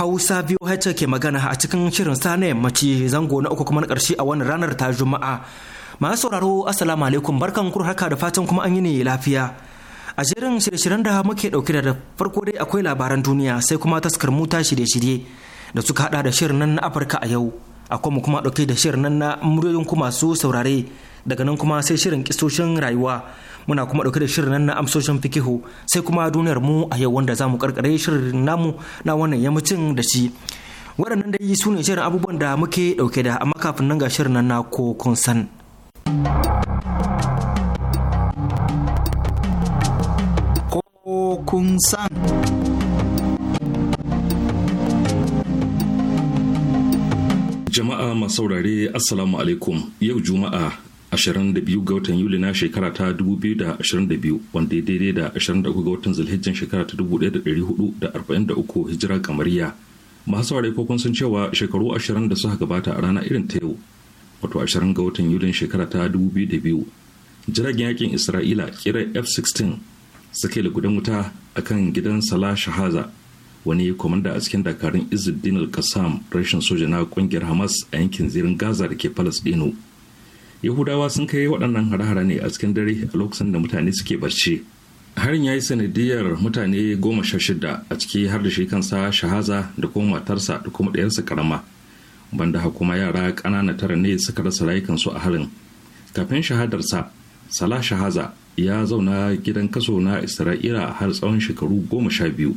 Hausa biyu VOH ke magana a cikin shirin sa na yammaci zango na uku kuma na ƙarshe a wannan ranar ta Juma'a. Masu sauraro 'Asalamu alaikum barkan kur haka da fatan kuma an yi ne lafiya. A jerin shirye-shiryen da muke ɗauke da farko dai akwai labaran duniya sai kuma taskar muta shirye-shirye da suka haɗa da shirin nan na Afirka a yau. Akwai mu kuma ɗauke da shirin nan na muryoyin kuma su saurare daga nan kuma sai shirin kisoshin rayuwa muna kuma dauke da shirin nan na amsoshin fikihu sai kuma duniyar mu a yau wanda zamu karkare shirin namu na wannan yammacin da shi waɗannan dai su ne shirin abubuwan da muke ɗauke da amma kafin nan ga shirin nan na ko kun san ko kun san jama'a masaurare assalamu alaikum yau juma'a 22 ga watan yuli na shekara ta 2022 wanda ya daidai da 23 ga watan zulhijjan shekara ta 1443 hijira kamariya masu ware kokon sun cewa shekaru 20 da suka gabata a rana irin ta yau wato 20 ga watan yulin shekara ta 2002 jiragen yakin isra'ila kira f-16 suke da gudun wuta a kan gidan salah shahaza wani komanda a cikin dakarun izuddin al-qassam rashin soja na kungiyar hamas a yankin zirin gaza da ke palestino yahudawa sun kai waɗannan hare-hare ne a cikin dare a lokacin da mutane suke barci harin ya yi sanadiyar mutane goma sha shida a ciki har da shi kansa shahaza da kuma matarsa da kuma ɗayarsa karama banda kuma yara ƙanana tara ne suka rasa rayukansu a harin kafin shahadarsa sala shahaza ya zauna gidan kaso na isra'ila har tsawon shekaru goma sha biyu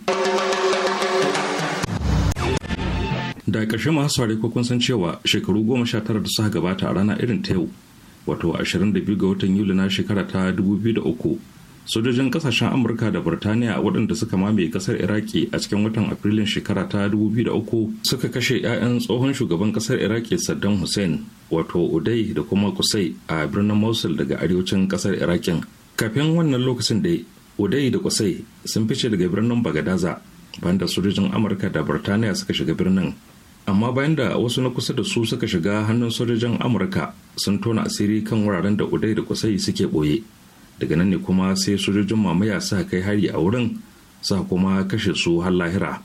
da ƙarshe masu ko kun san cewa shekaru goma sha tara da suka gabata a rana irin ta yau wato 22 ga watan yuli na shekara ta 2003 sojojin kasashen amurka da burtaniya waɗanda suka mamaye kasar iraki a cikin watan afrilun shekara ta 2003 suka kashe 'ya'yan tsohon shugaban kasar iraki saddam hussein wato uday da kuma kusai a birnin mosul daga arewacin kasar irakin kafin wannan lokacin da uday da kusai sun fice daga birnin bagadaza banda sojojin amurka da burtaniya suka shiga birnin amma bayan da wasu na kusa da su suka shiga hannun sojojin amurka sun tona asiri kan wuraren da udai da kusai suke ɓoye daga nan ne kuma sai sojojin mamaya suka kai hari a wurin sa kuma kashe su har lahira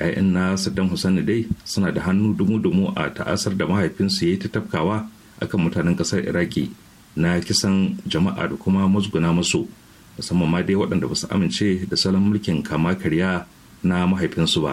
'ya'yan na saddam hussein dai suna da hannu dumu-dumu a ta'asar da mahaifinsu ya yi ta tafkawa akan mutanen ƙasar iraki na kisan jama'a da kuma musguna masu musamman ma dai waɗanda ba su amince da salon mulkin kama karya na mahaifinsu ba.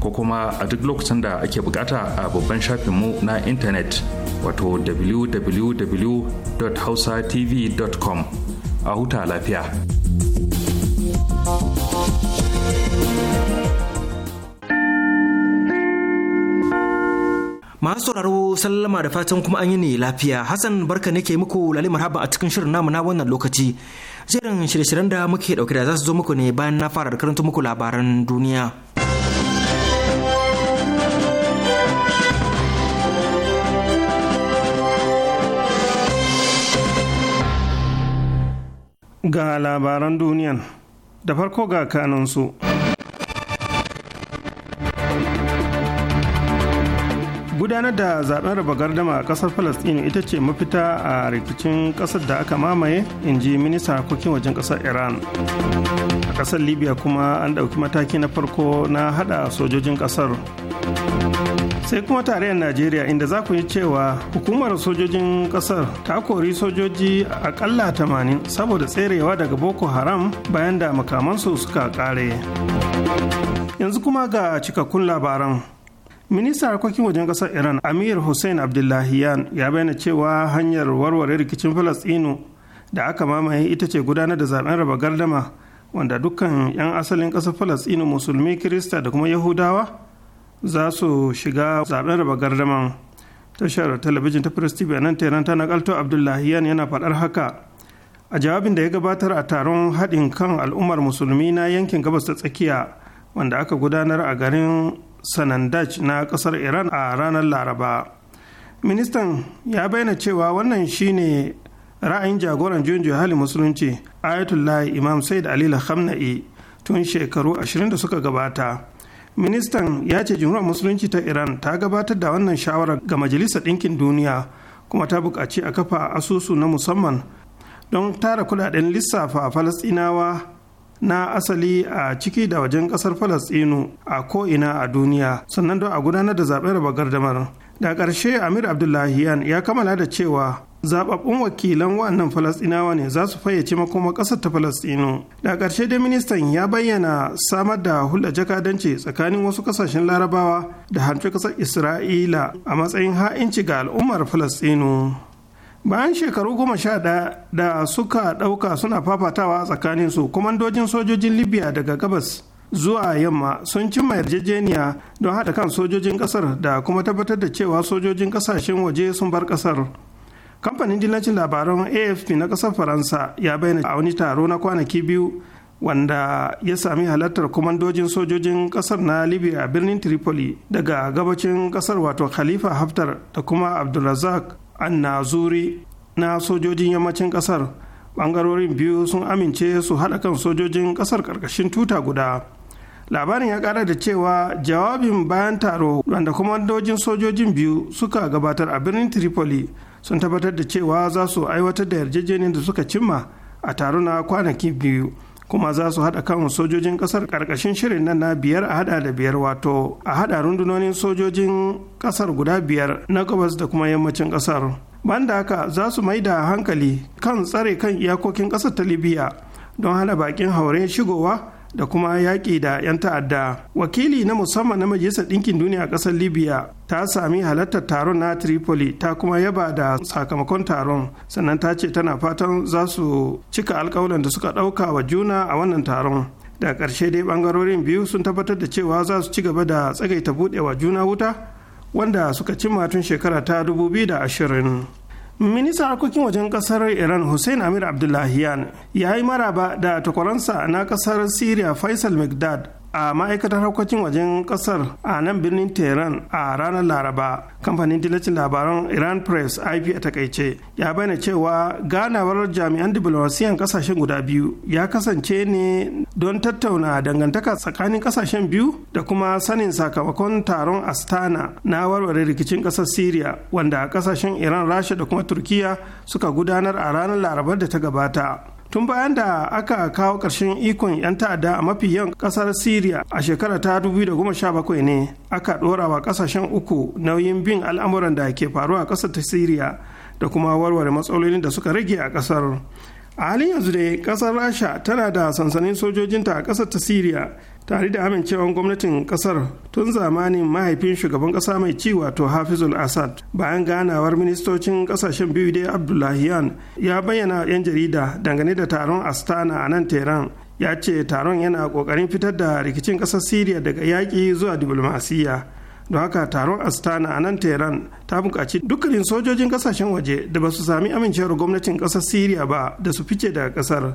ko kuma a duk lokacin da ake bukata a babban mu na intanet wato www.hausatv.com a huta lafiya. masu sauraro sallama da fatan kuma an yi ne lafiya hassan barka ne ke muku lalima marhaba a cikin shirin namu na wannan lokaci jerin shirye-shiryen da muke dauke da za su zo muku ne bayan na fara da karanta muku labaran duniya ga labaran duniyan da farko ga kanansu gudanar da zaben raba gardama a kasar palestine ita ce mafita a rikicin kasar da aka mamaye in ji minista harkokin wajen kasar iran a kasar libya kuma an ɗauki mataki na farko na hada sojojin kasar sai kuma tarayyar najeriya inda za ku yi cewa hukumar sojojin kasar ta kori sojoji akalla tamanin saboda tserewa daga boko haram bayan da makamansu suka kare yanzu kuma ga cikakkun labaran ministan harkokin wajen kasar iran amir hussein abdullahiyan ya bayyana cewa hanyar warware rikicin falastinu da aka mamaye ita ce gudanar da zaben raba gardama wanda dukkan 'yan asalin ƙasar falastinu musulmi kirista da kuma yahudawa za su shiga zaben raba gardaman tashar talabijin ta press tv nan teran ta nakalto yan yana faɗar haka a jawabin da ya gabatar a taron haɗin kan al'ummar musulmi na yankin gabas ta tsakiya wanda aka gudanar a garin sanandaj na ƙasar iran a ranar laraba ministan ya bayyana cewa wannan shine ra'ayin jagoran juyin hali musulunci ayatullahi imam said ali khamna'i tun shekaru ashirin da suka gabata ministan ya ce jumhuriyar musulunci ta iran ta gabatar da wannan shawarar ga majalisar ɗinkin duniya kuma ta buƙaci a kafa asusu na musamman don tara kudaden lissafa falasɗinawa na asali a ciki da wajen ƙasar falasɗinu a ko'ina a duniya sannan don a gudanar da zaɓen raba gardamar da ƙarshe amir abdullahi ya kammala da cewa zababbun wakilan wannan falasɗinawa ne za su fayyace makoma ƙasar ta falasɗinu da ƙarshe dai ministan ya bayyana samar da hulɗa jakadanci tsakanin wasu ƙasashen larabawa da harfe ƙasar isra'ila a matsayin ha'inci ga al'ummar falasɗinu bayan shekaru goma sha ɗaya da suka ɗauka suna fafatawa tsakanin su kwamandojin sojojin libya daga gabas zuwa yamma sun cimma yarjejeniya don haɗa kan sojojin ƙasar da kuma tabbatar da cewa sojojin ƙasashen waje sun bar ƙasar kamfanin dillacin labaran afp na ƙasar faransa ya bayyana a wani taro na kwanaki biyu wanda ya sami halartar kwamandojin sojojin kasar na libya a birnin tripoli daga gabacin kasar wato khalifa haftar da kuma abdulrazak annazuri na sojojin yammacin kasar bangarorin biyu sun amince su haɗa kan sojojin kasar ƙarƙashin tuta guda labarin ya ƙara da cewa jawabin bayan taro wanda kwamandojin sojojin biyu suka gabatar a birnin tripoli sun tabbatar da cewa za su aiwatar da yarjejeniyar da suka cimma a taro na kwanaki biyu kuma za su haɗa kan sojojin ƙasar ƙarƙashin shirin nan na biyar a haɗa da biyar wato a haɗa rundunonin sojojin ƙasar guda biyar na gabas da kuma yammacin ƙasar banda haka za su mai da hankali kan tsare kan iyakokin ƙasar ta libya don hana baƙin haure shigowa da kuma yaƙi da 'yan ta'adda wakili na musamman na majalisar ɗinkin duniya a ƙasar libya ta sami halartar taron na tripoli ta kuma yaba da sakamakon taron sannan ta ce tana fatan za su cika alkawalan da suka ɗauka wa juna a wannan taron da ƙarshe dai ɓangarorin biyu sun tabbatar da cewa za su ci gaba da tsagaita buɗewa juna wuta wanda suka cimma tun shekara ta 2020 ministan harkokin wajen kasar iran hussein amir abdullahiyan ya yi maraba da takwaransa na kasar syria faisal mcdad a ma'aikatar harkokin wajen kasar a nan birnin tehran a ranar laraba kamfanin dillacin labaran iran press ip a takaice ya bayyana cewa ganawar jami'an diplomasiyan kasashen guda biyu ya kasance ne don tattauna dangantaka tsakanin kasashen biyu da kuma sanin sakamakon taron astana na warware rikicin kasar syria wanda kasashen iran rasha da kuma turkiya suka gudanar a ranar larabar da ta gabata tun bayan da aka kawo ƙarshen ikon 'yan ta'adda a mafi yawan ƙasar syria a shekara ta 2017 ne aka ɗora wa ƙasashen uku nauyin bin al'amuran da ke faruwa a ƙasar ta syria da kuma warware matsalolin da suka rage a ƙasar a halin yanzu dai ƙasar rasha tana da sansanin sojojinta a ƙasar ta syria tare da amincewan gwamnatin kasar tun zamanin mahaifin shugaban kasa mai ci wato hafizul assad bayan ganawar ministocin kasashen biyu dai abdullahiyan ya bayyana 'yan jarida dangane da taron astana a nan tehran ya ce taron yana kokarin fitar da rikicin kasar syria daga yaƙi zuwa diplomasiyya don haka taron astana a nan tehran ta buƙaci dukkanin sojojin kasashen waje da ba su sami amincewar gwamnatin kasar syria ba da su fice daga kasar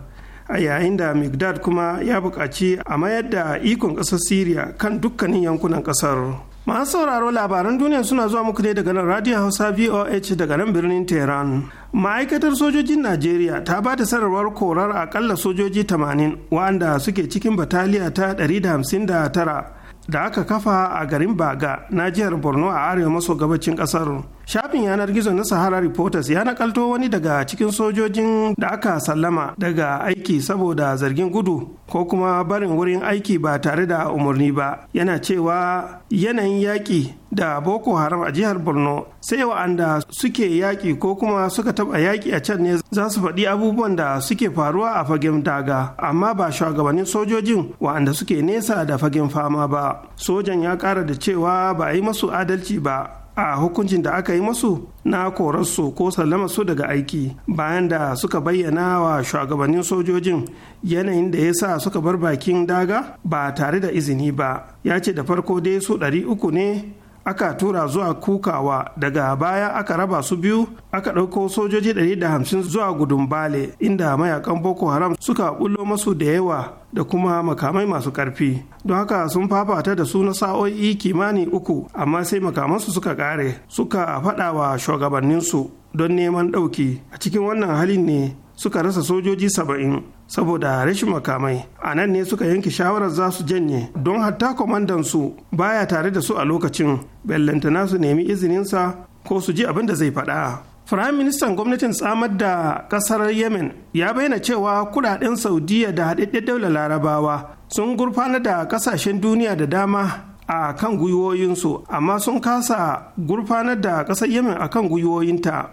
a yayin da migdad kuma ya buƙaci a mayar da ikon ƙasar syria kan dukkanin yankunan ƙasar masu sauraro labaran duniya suna zuwa muku ne daga nan radio hausa voh daga nan birnin tehran ma'aikatar sojojin najeriya ta ba da sanarwar korar akalla sojoji 80 waɗanda suke cikin bataliya ta 159 da aka kafa a garin baga na jihar borno a arewa maso gabacin ƙasar. Shafin yanar gizo na Sahara Reporters ya nakalto wani daga cikin sojojin da aka sallama daga aiki saboda zargin gudu ko kuma barin wurin aiki ba tare da umarni ba. Yana cewa yanayin yaƙi da Boko Haram a jihar Borno sai wa'anda suke yaƙi ko kuma suka taɓa yaƙi a can ne za su faɗi abubuwan da suke faruwa a fagen daga amma ba shugabannin sojojin wa'anda suke nesa da fagen fama ba. Sojan ya ƙara da cewa ba a yi masu adalci ba a hukuncin da aka yi masu na korarsu ko sallama su daga aiki bayan da suka bayyana wa shugabannin sojojin yanayin da ya sa suka bar bakin daga ba tare da izini ba ya ce da farko dai su ɗari uku ne aka tura zuwa kukawa daga baya aka raba su biyu aka ɗauko sojoji 150 zuwa gudun bale inda mayakan boko haram suka bullo masu da yawa da kuma makamai masu ƙarfi don haka sun fafata da su na sa'o'i kimani uku amma sai makamansu suka ƙare suka faɗa wa shugabanninsu don neman ɗauki a cikin wannan halin ne suka rasa sojoji saba'in saboda rashin makamai a nan ne suka yanke shawarar za su janye don hatta kwamandan su baya tare da su a lokacin bellantana su nemi izininsa ko su ji abin da zai faɗa Firayim Ministan gwamnatin tsamar da kasar Yemen ya bayyana cewa kudaden Saudiya da haɗaɗɗen daular larabawa sun gurfana da ƙasashen duniya da dama a kan gwiwoyinsu amma sun kasa gurfanar da ƙasar Yemen a kan gwiwoyinta.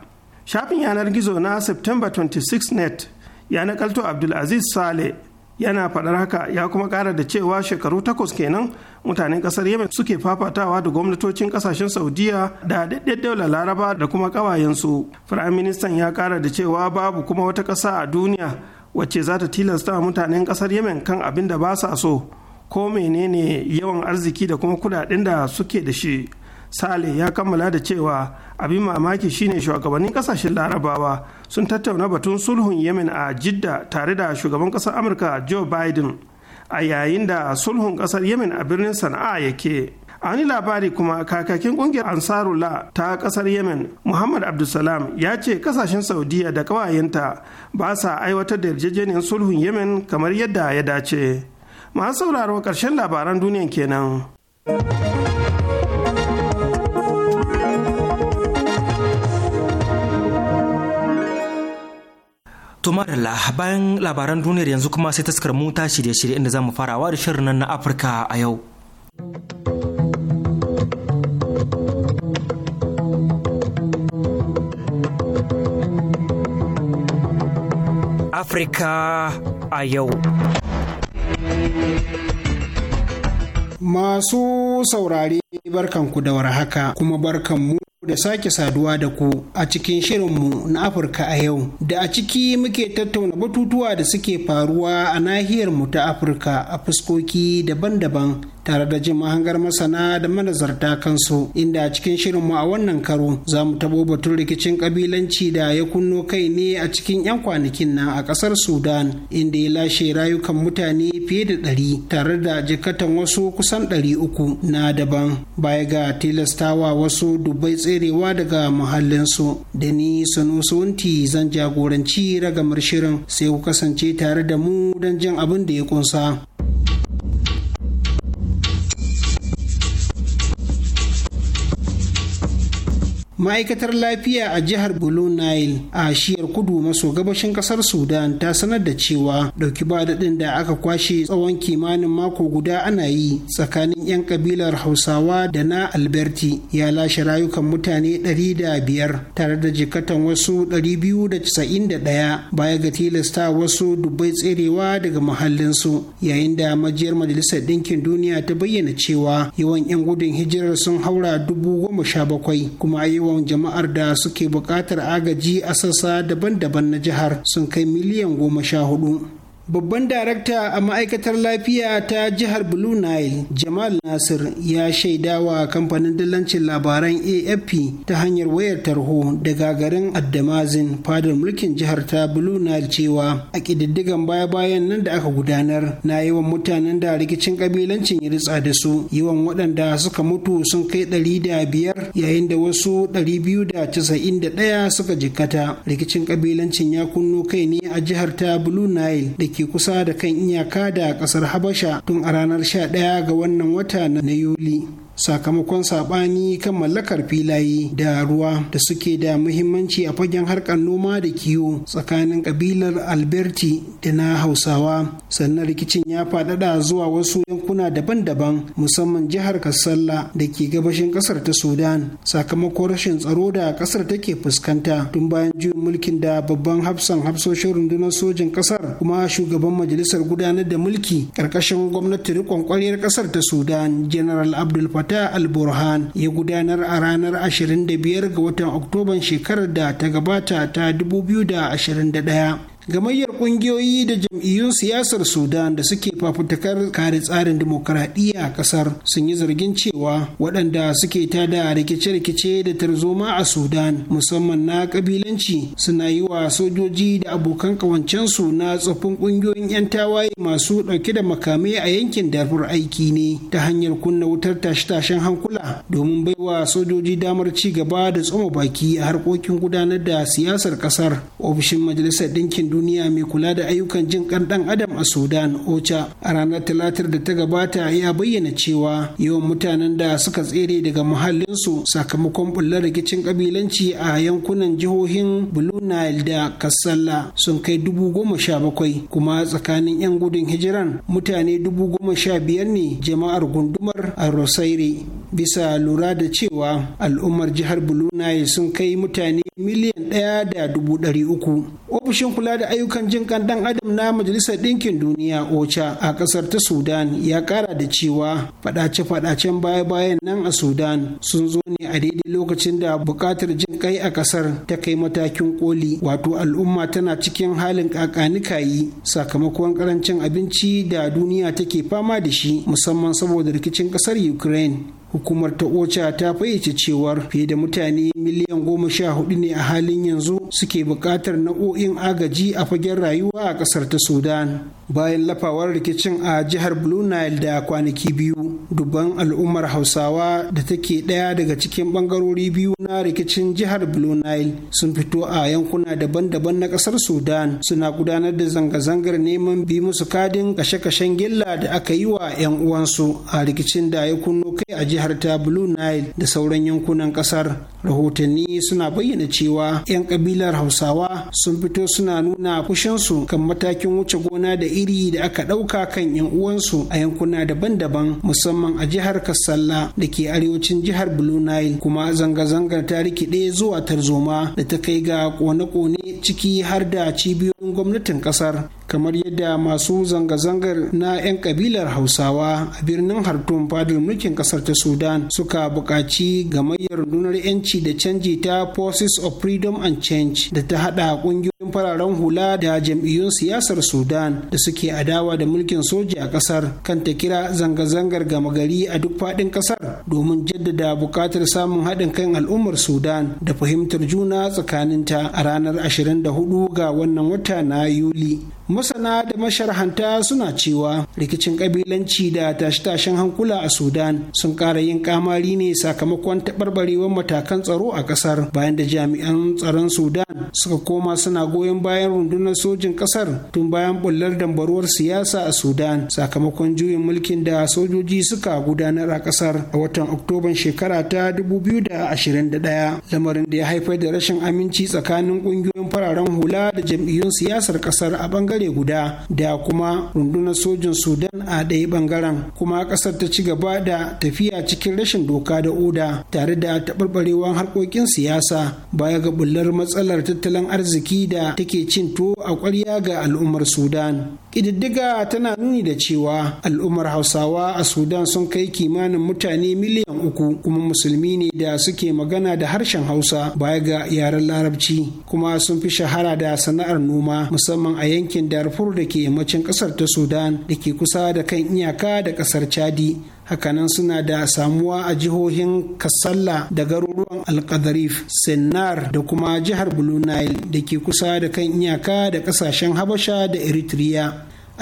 Shafin yanar gizo na September 26 net ya nakalto abdulaziz sale yana faɗar haka ya kuma ƙara da cewa shekaru takwas kenan mutanen ƙasar yemen suke fafatawa da gwamnatocin ƙasashen saudiya da daɗaɗɗen daular laraba da kuma ƙawayensu firayim ministan ya ƙara da cewa babu kuma wata ƙasa a duniya wacce za ta tilasta mutanen ƙasar yemen kan abin da ba sa so ko menene yawan arziki da kuma kuɗaɗen da suke da shi sale ya kammala da cewa abin mamaki shine shugabannin ƙasashen larabawa sun tattauna batun sulhun yemen a jidda tare da shugaban kasar amurka joe biden a yayin da sulhun kasar yemen a birnin sana'a yake a wani labari kuma kakakin kungiyar ansarula ta kasar yemen muhammad abdulsalam ya ce kasashen saudiya da kawayenta ba sa aiwatar da yarjejeniyar sulhun yemen kamar yadda ya dace masu sauraro karshen labaran duniya kenan. To madalla bayan labaran duniyar yanzu kuma sai taskar mu ta shirye-shirye inda zamu mu farawa da shirin nan na Afirka a yau. Afirka a yau. Masu saurare barkanku da warhaka kuma barkanmu da sake saduwa da ku a cikin shirinmu na Afirka a yau da a ciki muke tattauna batutuwa da suke faruwa a nahiyar mu ta Afirka a fuskoki daban-daban tare da jin mahangar masana da manazarta kansu inda a cikin mu a wannan karo za mu tabo batun rikicin kabilanci da ya kunno kai ne a cikin 'yan kwanakin nan a kasar sudan inda ya lashe rayukan mutane fiye da ɗari tare da jikatan wasu kusan ɗari uku na daban baya ga tilastawa wasu dubbai tserewa daga muhallinsu da ni wunti zan jagoranci ragamar shirin sai ku kasance tare da mu don jin abin da ya kunsa. ma'aikatar lafiya a jihar blue nile a shiyar kudu maso gabashin kasar sudan ta sanar da cewa dauki ba daɗin da aka kwashe tsawon kimanin mako guda ana yi tsakanin 'yan kabilar hausawa da na alberti ya lashe rayukan mutane 500 tare da jikatan wasu 291 baya ga tilasta wasu dubbai tserewa daga su yayin da majiyar majalisar ɗinkin duniya ta bayyana cewa yawan 'yan gudun hijirar sun haura dubu goma sha bakwai kuma ayyuka yawan jama'ar da suke buƙatar agaji a sassa daban-daban na jihar sun kai miliyan goma sha hudu Babban darakta a ma'aikatar lafiya ta jihar Blue Nile, Jamal Nasir, ya shaida wa kamfanin dillancin labaran AFP ta hanyar wayar tarho daga garin Addamazin fadar mulkin jihar ta Blue Nile cewa a ƙididdigan baya-bayan nan da aka gudanar na yawan mutanen da rikicin ƙabilancin ya ritsa da su, yawan waɗanda suka mutu sun kai ɗari da biyar yayin da wasu ɗari biyu da casa'in da ɗaya suka jikkata. Rikicin ƙabilancin ya kunno kai ne a jihar ta Blue Nile da ke kusa da kan iyaka da kasar habasha tun a ranar 11 ga wannan wata na yuli sakamakon saɓani kan mallakar filaye da ruwa da suke da muhimmanci a fagen harkar noma da kiwo tsakanin kabilar alberti da na hausawa sannan rikicin ya faɗaɗa zuwa wasu yankuna daban-daban musamman jihar kassala da ke gabashin kasar ta sudan sakamakon rashin tsaro da ƙasar take fuskanta tun bayan juyin mulkin da babban hafsan hafsoshin rundunar sojin ƙasar kuma shugaban majalisar gudanar da mulki ƙarƙashin gwamnati riƙon ƙwaryar ƙasar ta sudan general abdul fatah Fattah alburhan ya gudanar a ranar 25 ga watan Oktoban shekarar da ta gabata ta 2021. gamayyar ƙungiyoyi da jam'iyyun siyasar sudan da suke fafutukar kare tsarin dimokuraɗiyya a ƙasar sun yi zargin cewa waɗanda suke tada rikice-rikice da tarzoma a sudan musamman na ƙabilanci suna yi wa sojoji da abokan ƙawancensu na tsoffin ƙungiyoyin 'yan tawaye masu ɗauke da makamai a yankin darfur aiki ne ta hanyar kunna wutar tashe-tashen hankula domin baiwa sojoji damar ci gaba da tsoma baki a harkokin gudanar da siyasar ƙasar ofishin majalisar ɗinkin duniya duniya mai kula da ayyukan jin kan dan adam a sudan ocha a ranar talatar da ta gabata ya bayyana cewa yawan mutanen da suka tsere daga muhallinsu sakamakon bullar rikicin kabilanci a yankunan jihohin blue nile da kassala sun kai dubu goma sha bakwai kuma tsakanin yan gudun hijiran mutane dubu goma sha biyar ne jama'ar gundumar a rosaire bisa lura da cewa al'ummar jihar blue nile sun kai mutane miliyan ɗaya da dubu ɗari uku ofishin kula da ayyukan jin dan adam na majalisar ɗinkin duniya ocha a ƙasar ta sudan ya ƙara da cewa faɗace-faɗacen baya-bayan nan a sudan sun zo ne a daidai lokacin da buƙatar jin kai a ƙasar ta kai matakin koli wato al'umma tana cikin halin kakanikayi sakamakon ƙarancin abinci da duniya take fama da shi musamman saboda rikicin ƙasar ukraine hukumar ta ocha ta fayyace cewar fiye da mutane miliyan goma sha hudu ne a halin yanzu suke buƙatar nau'o'in agaji a fagen rayuwa a ƙasar ta sudan bayan lafawar rikicin a jihar blue nile da kwanaki biyu dubban al'ummar hausawa da take ɗaya daga cikin ɓangarori biyu na rikicin jihar blue nile sun fito a yankuna daban-daban na ƙasar sudan suna gudanar da zanga-zangar neman bi musu kadin kashe-kashen gilla da aka yi wa 'yan uwansu a rikicin da ya kunno kai a jihar jihar ta blue nile da sauran yankunan kasar rahotanni suna bayyana cewa 'yan kabilar hausawa sun fito suna nuna kushinsu kan matakin wuce gona da iri da aka ɗauka kan 'yan uwansu a yankuna daban-daban musamman a jihar kassala da ke arewacin jihar blue nile kuma zanga-zangar ta rikide zuwa tarzoma da ta kai ga kone-kone ciki har da cibiyoyin gwamnatin kasar kamar yadda masu zanga-zangar na 'yan kabilar hausawa a birnin hartum fadar mulkin kasar ta so sudan suka buƙaci gamayyar rundunar 'yanci da canji ta forces of freedom and change da ta haɗa ƙungiyoyi fararen hula da jam'iyyun siyasar sudan da suke adawa da mulkin soja a kasar kan ta kira zanga-zangar gama gari a duk faɗin kasar domin jaddada buƙatar samun haɗin kan al'ummar sudan da fahimtar juna tsakaninta a ranar 24 ga wannan wata na yuli masana da masharhanta suna cewa rikicin ƙabilanci da tashe-tashen hankula a sudan sun ƙara yin kamari ne sakamakon taɓarɓarewar matakan tsaro a ƙasar bayan da jami'an tsaron sudan suka koma suna goyon bayan rundunar sojin kasar tun bayan bullar dambaruwar siyasa a sudan sakamakon juyin mulkin da sojoji suka gudanar a kasar a watan oktoban shekara ta 2021 lamarin da ya haifar da rashin aminci tsakanin kungiyoyin fararen hula da jam'iyyun siyasar kasar a bangare guda da kuma rundunar sojin sudan a ɗaya bangaren kuma kasar ta ci gaba da tafiya cikin rashin doka da oda tare da taɓarɓarewar harkokin siyasa baya ga bullar matsalar tattalin arziki da duniya take cin tuwo a ƙwarya ga al'ummar sudan ƙididdiga tana nuni da cewa al'ummar hausawa a sudan sun kai kimanin mutane miliyan uku kuma musulmi ne da suke magana da harshen hausa baya ga yaren larabci kuma sun fi shahara da sana'ar noma musamman a yankin darfur da ke yammacin ƙasar ta sudan da ke kusa da kan iyaka da ƙasar chadi hakanan suna da samuwa a jihohin kasalla da garuruwan alkadarif sennar da kuma jihar blue nile da ke kusa da kan iyaka da kasashen habasha da eritrea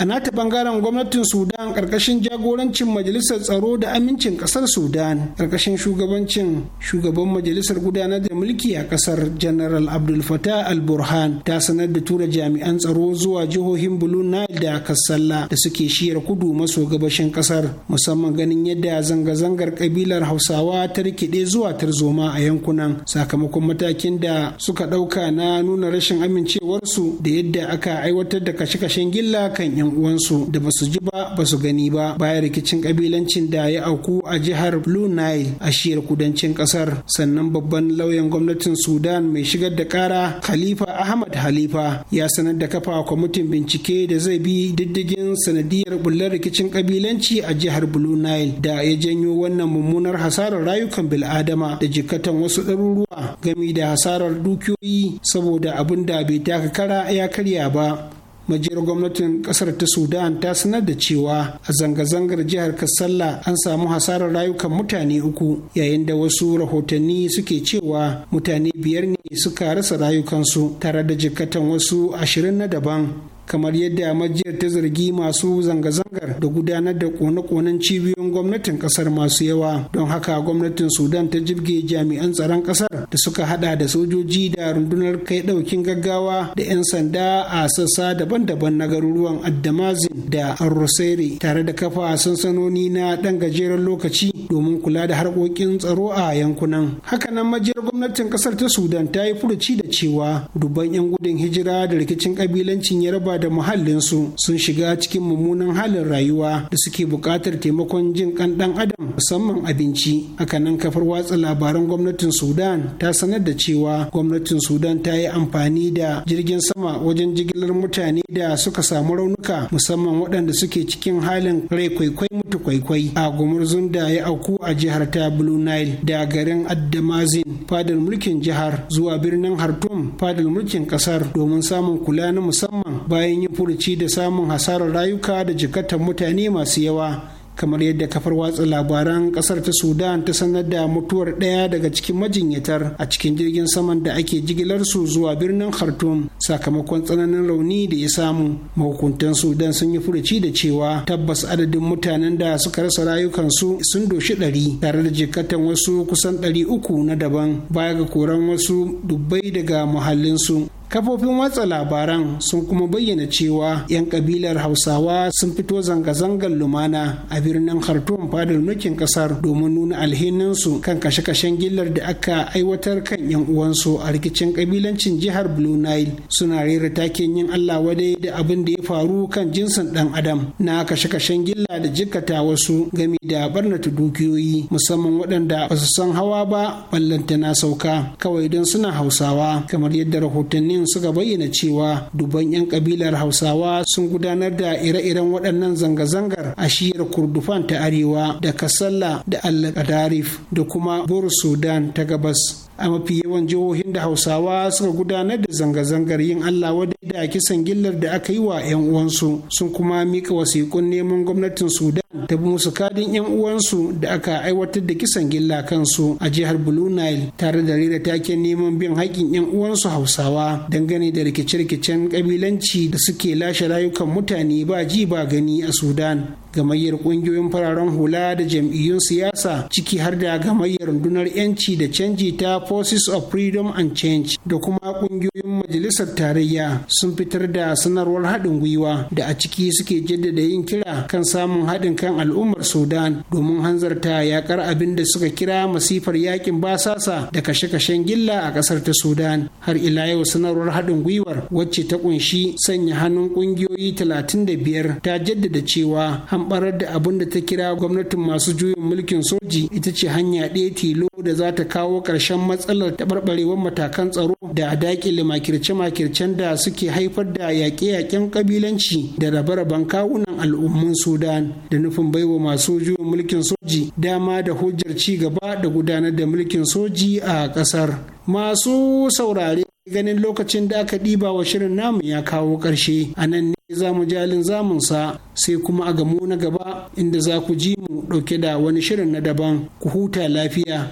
a nata bangaren gwamnatin sudan karkashin jagorancin majalisar tsaro da amincin kasar sudan karkashin shugabancin shugaban majalisar gudanar da mulki a kasar general abdul fatah al burhan ta sanar da tura jami'an tsaro zuwa jihohin blue nile da kasalla da suke shiyar kudu maso gabashin kasar musamman ganin yadda zanga-zangar kabilar hausawa ta rikide zuwa tarzoma a yankunan sakamakon matakin da suka ɗauka na nuna rashin amincewarsu da yadda aka aiwatar da kashe-kashen gilla kan yan 'yan uwansu da ba su ji ba ba su gani ba bayan rikicin kabilancin da ya auku a jihar blue nile a shiyar kudancin kasar sannan babban lauyan gwamnatin sudan mai shigar da kara khalifa ahmad halifa ya sanar da kafa kwamitin bincike da zai bi diddigin sanadiyar bullar rikicin kabilanci a jihar blue nile da ya janyo wannan mummunar hasarar rayukan bil'adama da jikatan wasu ɗaruruwa gami da hasarar dukiyoyi saboda abin da bai taka kara ya karya ba majiyar gwamnatin kasar ta sudan ta sanar da cewa a zanga-zangar jihar kasala an samu hasarar rayukan mutane uku yayin da wasu rahotanni suke cewa mutane biyar ne suka rasa rayukansu tare da jikatan wasu ashirin na daban kamar yadda majiyar ta zargi masu zanga-zangar da gudanar da kone-konen cibiyoyin gwamnatin kasar masu yawa don haka gwamnatin sudan ta jirge jami'an tsaron kasar da suka hada da sojoji da rundunar kai daukin gaggawa da 'yan sanda a sassa daban-daban na garuruwan addamazin da arrosere tare da kafa sansanoni na dan gajeren lokaci domin kula da harkokin tsaro a yankunan hakanan majiyar gwamnatin kasar ta sudan ta yi furuci da cewa dubban 'yan gudun hijira da rikicin kabilancin yarba da muhallinsu sun shiga cikin mummunan halin rayuwa da suke buƙatar taimakon jin ƙan ɗan adam musamman abinci hakanan kafar watsa labaran gwamnatin sudan ta sanar da cewa gwamnatin sudan ta yi amfani da jirgin sama wajen jigilar mutane da suka samu raunuka musamman waɗanda suke cikin halin rai kwaikwai mutu kwaikwai a gumurzun da ya auku a jihar ta blue nile da garin addamazin fadar mulkin jihar zuwa birnin hartum fadar mulkin kasar domin samun kula na musamman bayan bayan yin furuci da samun hasarar rayuka da jikatan mutane masu yawa kamar yadda kafar watsa labaran kasar ta sudan ta sanar da mutuwar ɗaya daga cikin majinyatar a cikin jirgin saman da ake jigilar su zuwa birnin khartoum sakamakon tsananin rauni da ya samu mahukuntan sudan sun yi furuci da cewa tabbas adadin mutanen da suka rasa rayukansu sun doshi ɗari tare da jikatan wasu kusan ɗari uku na daban baya ga koran wasu dubbai daga muhallinsu kafofin watsa labaran sun kuma bayyana cewa 'yan kabilar hausawa sun fito zanga-zangar lumana a birnin khartoum fadar nukin kasar domin nuna alhininsu kan kashe-kashen gillar da aka aiwatar kan 'yan uwansu a rikicin kabilancin jihar blue nile suna rera takin yin allah wadai da abin da ya faru kan jinsin dan adam na kashe-kashen gilla da jikkata wasu game da barnata dukiyoyi musamman waɗanda ba su san hawa ba ballanta na sauka kawai don suna hausawa kamar yadda rahotannin lauyoyin suka bayyana cewa duban 'yan kabilar hausawa sun gudanar da ire-iren waɗannan zanga-zangar a shiyar kurdufan ta arewa da kasalla da al-qadarif da kuma bur sudan ta gabas a mafi yawan jihohin da hausawa suka gudanar da zanga-zangar yin allah wadai da kisan gillar da aka yi wa 'yan uwansu sun kuma mika wasiƙun neman gwamnatin sudan ta bi musu kadin yan uwansu da aka aiwatar da kisan gilla kansu a jihar Blue Nile tare da rera taken neman bin haƙƙin yan uwansu Hausawa dangane da rikice-rikicen kabilanci da suke lashe rayukan mutane ba ji ba gani a Sudan. gamayyar ƙungiyoyin fararen hula da jam'iyyun siyasa ciki har da gamayyar rundunar yanci da canji ta forces of freedom and change da kuma ƙungiyoyin majalisar tarayya sun fitar da sanarwar haɗin gwiwa da a ciki suke jaddada yin kira kan samun haɗin kan al'ummar sudan domin hanzarta yakar abin da suka kira masifar yakin basasa da kashe-kashen gilla a kasar ta sudan har ila yau sanarwar haɗin gwiwar wacce ta kunshi sanya hannun ƙungiyoyi biyar ta jaddada cewa hamɓarar da abin da ta kira gwamnatin masu juyin mulkin soji ita ce hanya ɗaya tilo da za ta kawo ƙarshen matsalar taɓarɓarewar matakan tsaro da daƙile makirce-makircen da suke haifar da yaƙe-yaƙen ƙabilanci da rabe-raben kawunan al'ummun sudan da nufin baiwa masu juyin mulkin soji dama da hujjar ci gaba da gudanar da mulkin soji a kasar masu saurare ganin lokacin da aka ɗiba wa shirin namu ya kawo ƙarshe a nan ne za mu jalin zamunsa sai kuma a gamo na gaba inda za ku ji mu ɗauke da wani shirin na daban ku huta lafiya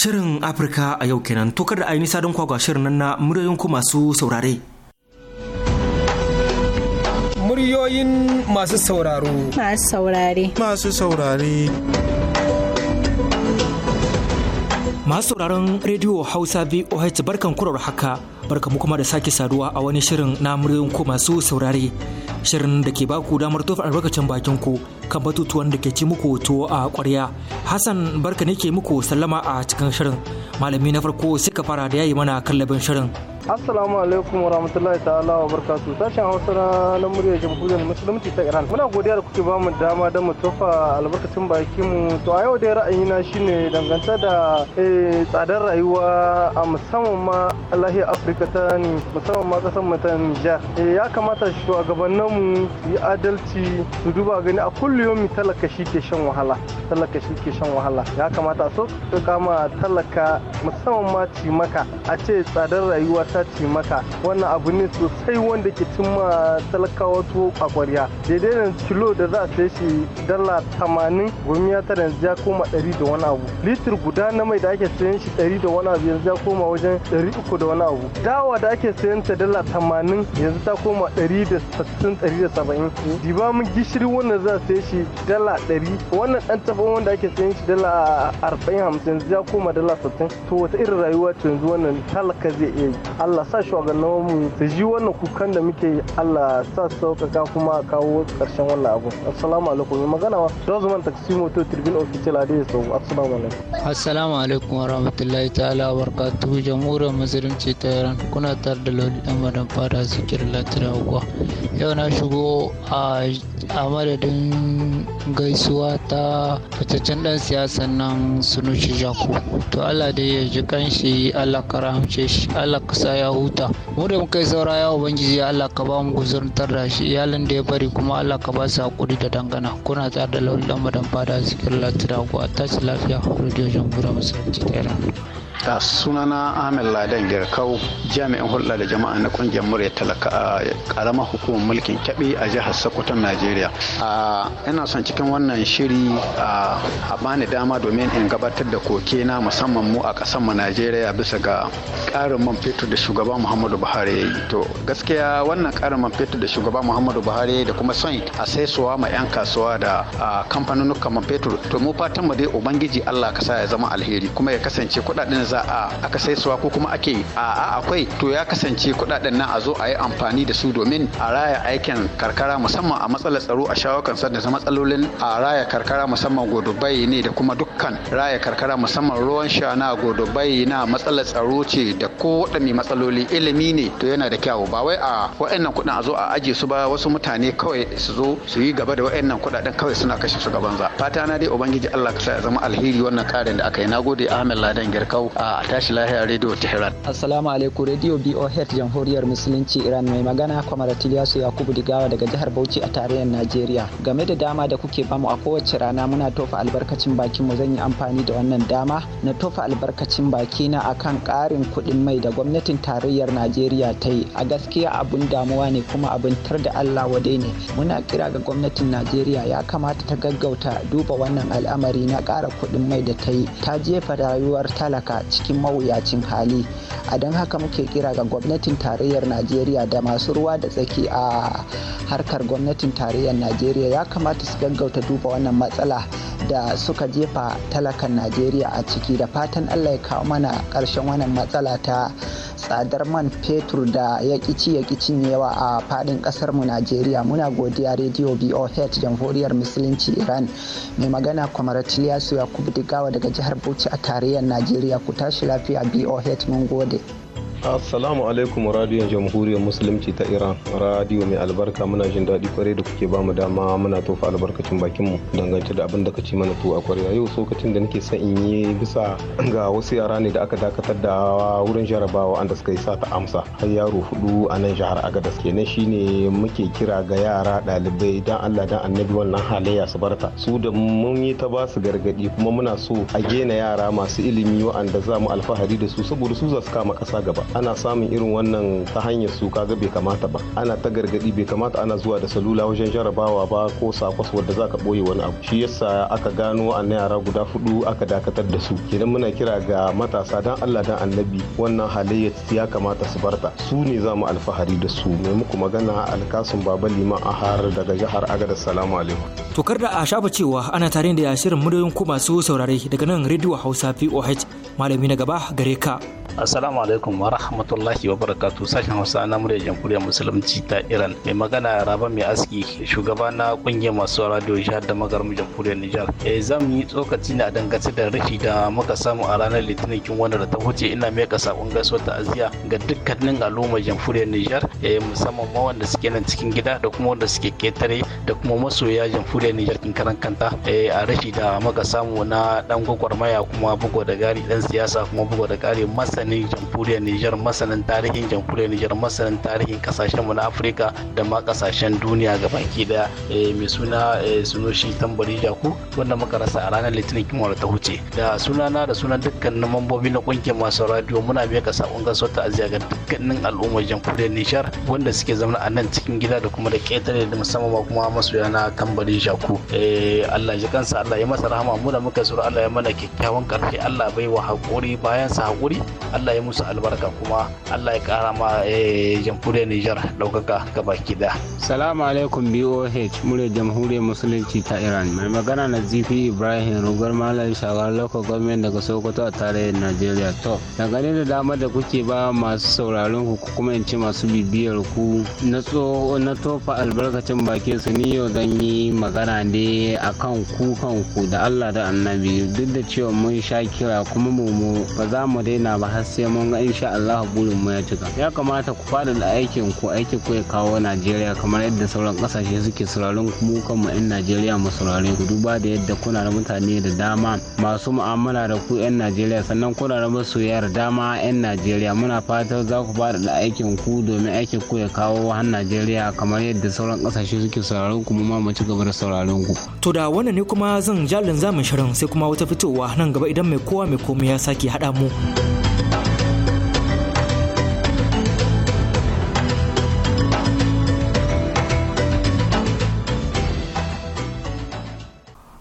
Shirin Afirka a yau kenan to kada a yi nisa don kwagwa shirin nan na muryoyin ku masu saurare. Muryoyin masu sauraro. Masu saurare. Masu saurare. Masu sauraron rediyo Hausa VOH barkan kurar haka mu kuma da sake saduwa a wani shirin na muryoyin ku masu saurare. Shirin da ke baku damar tofa albarkacin bakin ku kan batutuwan da ke ci muku tuwo a ƙwarya. Hassan barka ne ke muku sallama a cikin shirin. Malami na farko suka fara da yayi mana kallabin shirin. Assalamu alaikum warahmatullahi ta'ala wa barkatu sashen Hausa na muryar Jamhuriyar Musulunci ta Iran. Muna godiya da kuke bamu dama da mu tofa albarkacin bakin mu. To a yau dai ra'ayi na. shine dangance da eh, tsadar rayuwa a musamman ma lahiyar Afirka ta musamman ma kasar mu ta Nijar. Eh, ya kamata shugabannin mu yi adalci su duba gani a kullum kulliyomi talaka shi ke shan wahala talaka shi ke shan wahala ya kamata a so kama talaka musamman ma cimaka a ce tsadar rayuwa ta cimaka wannan abu ne sosai wanda ke cimma talaka wato a daidai da kilo da za a sai shi dala tamanin gomiya ta yanzu ya koma ɗari da wani abu litir guda na mai da ake sayan shi ɗari da wani abu yanzu ya koma wajen ɗari uku da wani abu dawa da ake sayan ta dala tamanin yanzu ta koma ɗari da sassin ɗari da saba'in diba mun gishiri wannan za a sai shi shi dala ɗari wannan ɗan tafin wanda ake sayan shi dala arba'in hamsin ya koma dala sittin to wata irin rayuwa ta yanzu wannan talaka zai iya yi allah sa shi shugabannin mu ta ji wannan kukan da muke allah sa sauƙaƙa kuma kawo ƙarshen wannan abu assalamu alaikum mai magana wa dozman Taxi moto tribune official a dai sau assalamu alaikum assalamu alaikum wa rahmatullahi ta'ala wa barakatuhu jamhuriyar musulunci ta iran kuna tar da lodi dan madan fada zikir latina yau na shigo a madadin gaisuwa ta fitaccen dan siyasan nan sunushi jaku to allah dai ya ji kanshi allah ka rahamce shi allah ka sa ya huta mu da muka yi saura ya ubangiji allah ka ba mu guzurtar da shi iyalin da ya bari kuma allah ka ba su hakuri da dangana kuna tsar da dan madan fada zikirin latira ku a tashi lafiya radio jamhuriyar musulunci ta a sunana ahmed laden girkau jami'in hulɗa da jama'a na ƙungiyar murya talaka a ƙaramar hukumar mulkin kyaɓe a jihar sokoto najeriya ina son cikin wannan shiri a bani dama domin in gabatar da koke na musamman mu a ƙasar mu najeriya bisa ga ƙarin man fetur da shugaba muhammadu buhari ya yi to gaskiya wannan ƙarin man fetur da shugaba muhammadu buhari ya yi da kuma son a saisuwa ma 'yan kasuwa da kamfanonukan man fetur to mu fatan mu dai ubangiji allah ka sa ya zama alheri kuma ya kasance kuɗaɗen za a aka saisuwa ko kuma ake a akwai to ya kasance kuɗaɗen nan a zo a yi amfani da su domin a raya aikin karkara musamman a matsalar tsaro a shawo kansa da matsalolin a raya karkara musamman godobai ne da kuma dukkan raya karkara musamman ruwan sha na godobai na matsalar tsaro ce da ko waɗanne matsaloli ilimi ne to yana da kyau. ba wai a wa'annan kuɗin a zo a aje su ba wasu mutane kawai su zo su yi gaba da wa'annan kudaden kawai suna kashe su gaban za fata na dai ubangiji Allah ka sa ya zama alheri wannan ƙarin da aka yi nagode Ahmed Ladan Girkau a tashi lahiya radio tehran assalamu alaikum radio boh jamhuriyar musulunci iran mai magana kwamar tiliyasu yakubu digawa daga jihar bauchi a tarayyar najeriya game da dama da kuke bamu a kowace rana muna tofa albarkacin bakin mu zan yi amfani da wannan dama na tofa albarkacin baki na akan karin kuɗin mai da gwamnatin tarayyar najeriya ta yi a gaskiya abun damuwa ne kuma abin tar da allah wadai ne muna kira ga gwamnatin najeriya ya kamata ta gaggauta duba wannan al'amari na ƙara kuɗin mai da ta yi ta jefa rayuwar talaka cikin mawuyacin hali a don haka muke kira ga gwamnatin tarayyar najeriya da masu ruwa da tsaki a harkar gwamnatin tarayyar najeriya ya kamata su gaggauta duba wannan matsala da suka jefa talakan najeriya a ciki da fatan allah ya kawo mana ƙarshen wannan matsala ta tsadar man fetur da ya kici ya kicin yawa a fadin kasar mu Najeriya muna godiya rediyo BOH jamhuriyar musulunci Iran mai magana kwamaratiliya su Yakubu Digawa daga jihar Bauchi a tarayyar Najeriya ku tashi lafiya BOH mun gode. Assalamu alaikum radiyon jamhuriyar musulunci ta Iran. Radiyo mai albarka muna jin daɗi kwarai da kuke ba mu dama muna tofa albarkacin bakinmu dangance da abin da ka ci mana a kwarai. Yau sokacin da nake son in yi bisa ga wasu yara ne da aka dakatar da wurin jarabawa an da suka yi sata amsa har yaro hudu a nan jihar Agadas kenan shine muke kira ga yara ɗalibai dan Allah dan annabi wannan halayya su barta. Su da mun yi ta ba su gargaɗi kuma muna so a gena yara masu ilimi wa'anda za mu alfahari da su saboda su za su kama ƙasa gaba. ana samun irin wannan ta hanyar su kaga bai kamata ba ana ta gargadi bai kamata ana zuwa da salula wajen jarabawa ba ko sakwas wadda za ka ɓoye wani abu shi yasa aka gano a na yara guda hudu aka dakatar da su idan muna kira ga matasa dan Allah dan annabi wannan halayyar ya kamata su barta su ne za mu alfahari da su mai muku magana alkasun baba liman ahar daga jihar agada salamu alaikum to da a shafa cewa ana tare da shirin muryoyin ku masu saurare daga nan rediyo hausa voh malami na gaba gare ka Assalamu alaikum wa rahmatullahi wa barakatuh sashen Hausa na murya Jamhuriyar Musulunci ta Iran. Mai magana Raba Mai Aski shugaba na kungiyar masu radio jihar da magarmu Jamhuriyar Nijar. Eh zan yi tsokaci ne a dangance da rashi da muka samu a ranar Litinin kin wanda da ta wuce ina mai sakon ta ta'aziyya ga dukkanin al'umma Jamhuriyar Nijar eh musamman ma wanda suke nan cikin gida da kuma wanda suke ketare da kuma masoya Jamhuriyar Nijar kin karan kanta eh a rashi da muka samu na dan gwagwarmaya kuma bugo da gari dan siyasa kuma bugo da gari masani masanin jamhuriyar Nijar masanin tarihin jamhuriyar Nijar masanin tarihin kasashen mu na Afirka da ma kasashen duniya baki da eh, mai suna eh, Sunoshi Tambari Jaku wanda muka rasa a ranar Litinin Kimar ta huce da sunana da sunan dukkanin mambobi na kungiyar masu radio muna ka sakon ta ta'aziyya ga dukkanin al'ummar jamhuriyar Nijar wanda suke zama a nan cikin gida da kuma da ƙetare da musamman kuma masu yana Tambari Jaku eh, Allah ji kansa Allah ya masa rahama mu da muka suru Allah ya mana kyakkyawan karfi Allah bai wa hakuri bayan sa hakuri Allah ya musu albarka kuma Allah ya kara ma eh, jamhuriyar Nijar ɗaukaka baki da. Salamu alaikum BOH mure jamhuriyar musulunci ta Iran mai magana na zifi Ibrahim rugar malam shagar local government daga Sokoto a tarayyar Najeriya to dangane da damar da kuke ba masu sauraron ku kuma in ci masu bibiyar ku na tofa albarkacin baki su ni yau zan yi magana ne akan kukan ku da Allah da annabi duk da cewa mun sha kira kuma mu ba za mu daina ba har sai mun ga insha Allah burin mu ya cika ya kamata ku fada da aikin ku aiki ku ya kawo Najeriya kamar yadda sauran kasashe suke sauraron mu kanmu 'yan Najeriya mu saurare ku duba da yadda kuna da mutane da dama masu mu'amala da ku 'yan Najeriya sannan kuna da masoya da dama 'yan Najeriya muna fatan za ku fara da aikin ku domin aiki ku ya kawo har Najeriya kamar yadda sauran kasashe suke sauraron ku mu ma mu ci gaba da sauraron ku to da wannan ne kuma zan jalin zamin shirin sai kuma wata fitowa nan gaba idan mai kowa mai komai ya sake haɗa mu.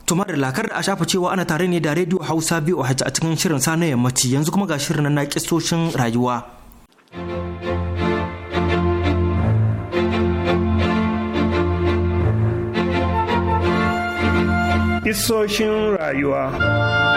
Tumar lakar a shafa cewa ana tare ne da rediyo Hausa BOH a cikin shirin sa na yammaci yanzu kuma ga shirin na kisoshin rayuwa. Kisoshin rayuwa.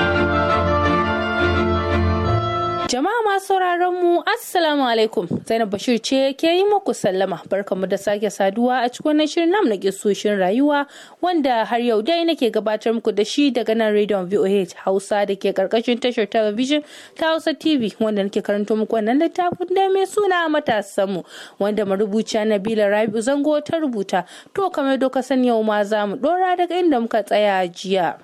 Jama'a masu sauraron mu Assalamu alaikum Zainab Bashir ce ke yi muku sallama mu da sake saduwa a cikin wannan shirin namu na kisoshin rayuwa wanda har yau dai nake gabatar muku da shi daga nan Radio VOH Hausa da ke karkashin tashar talabijin ta Hausa TV wanda nake karanto muku wannan littafin da mai suna matasan mu wanda marubuciya Nabila Rabi'u Zango ta rubuta to kamar doka sani yau ma za mu dora daga inda muka tsaya jiya.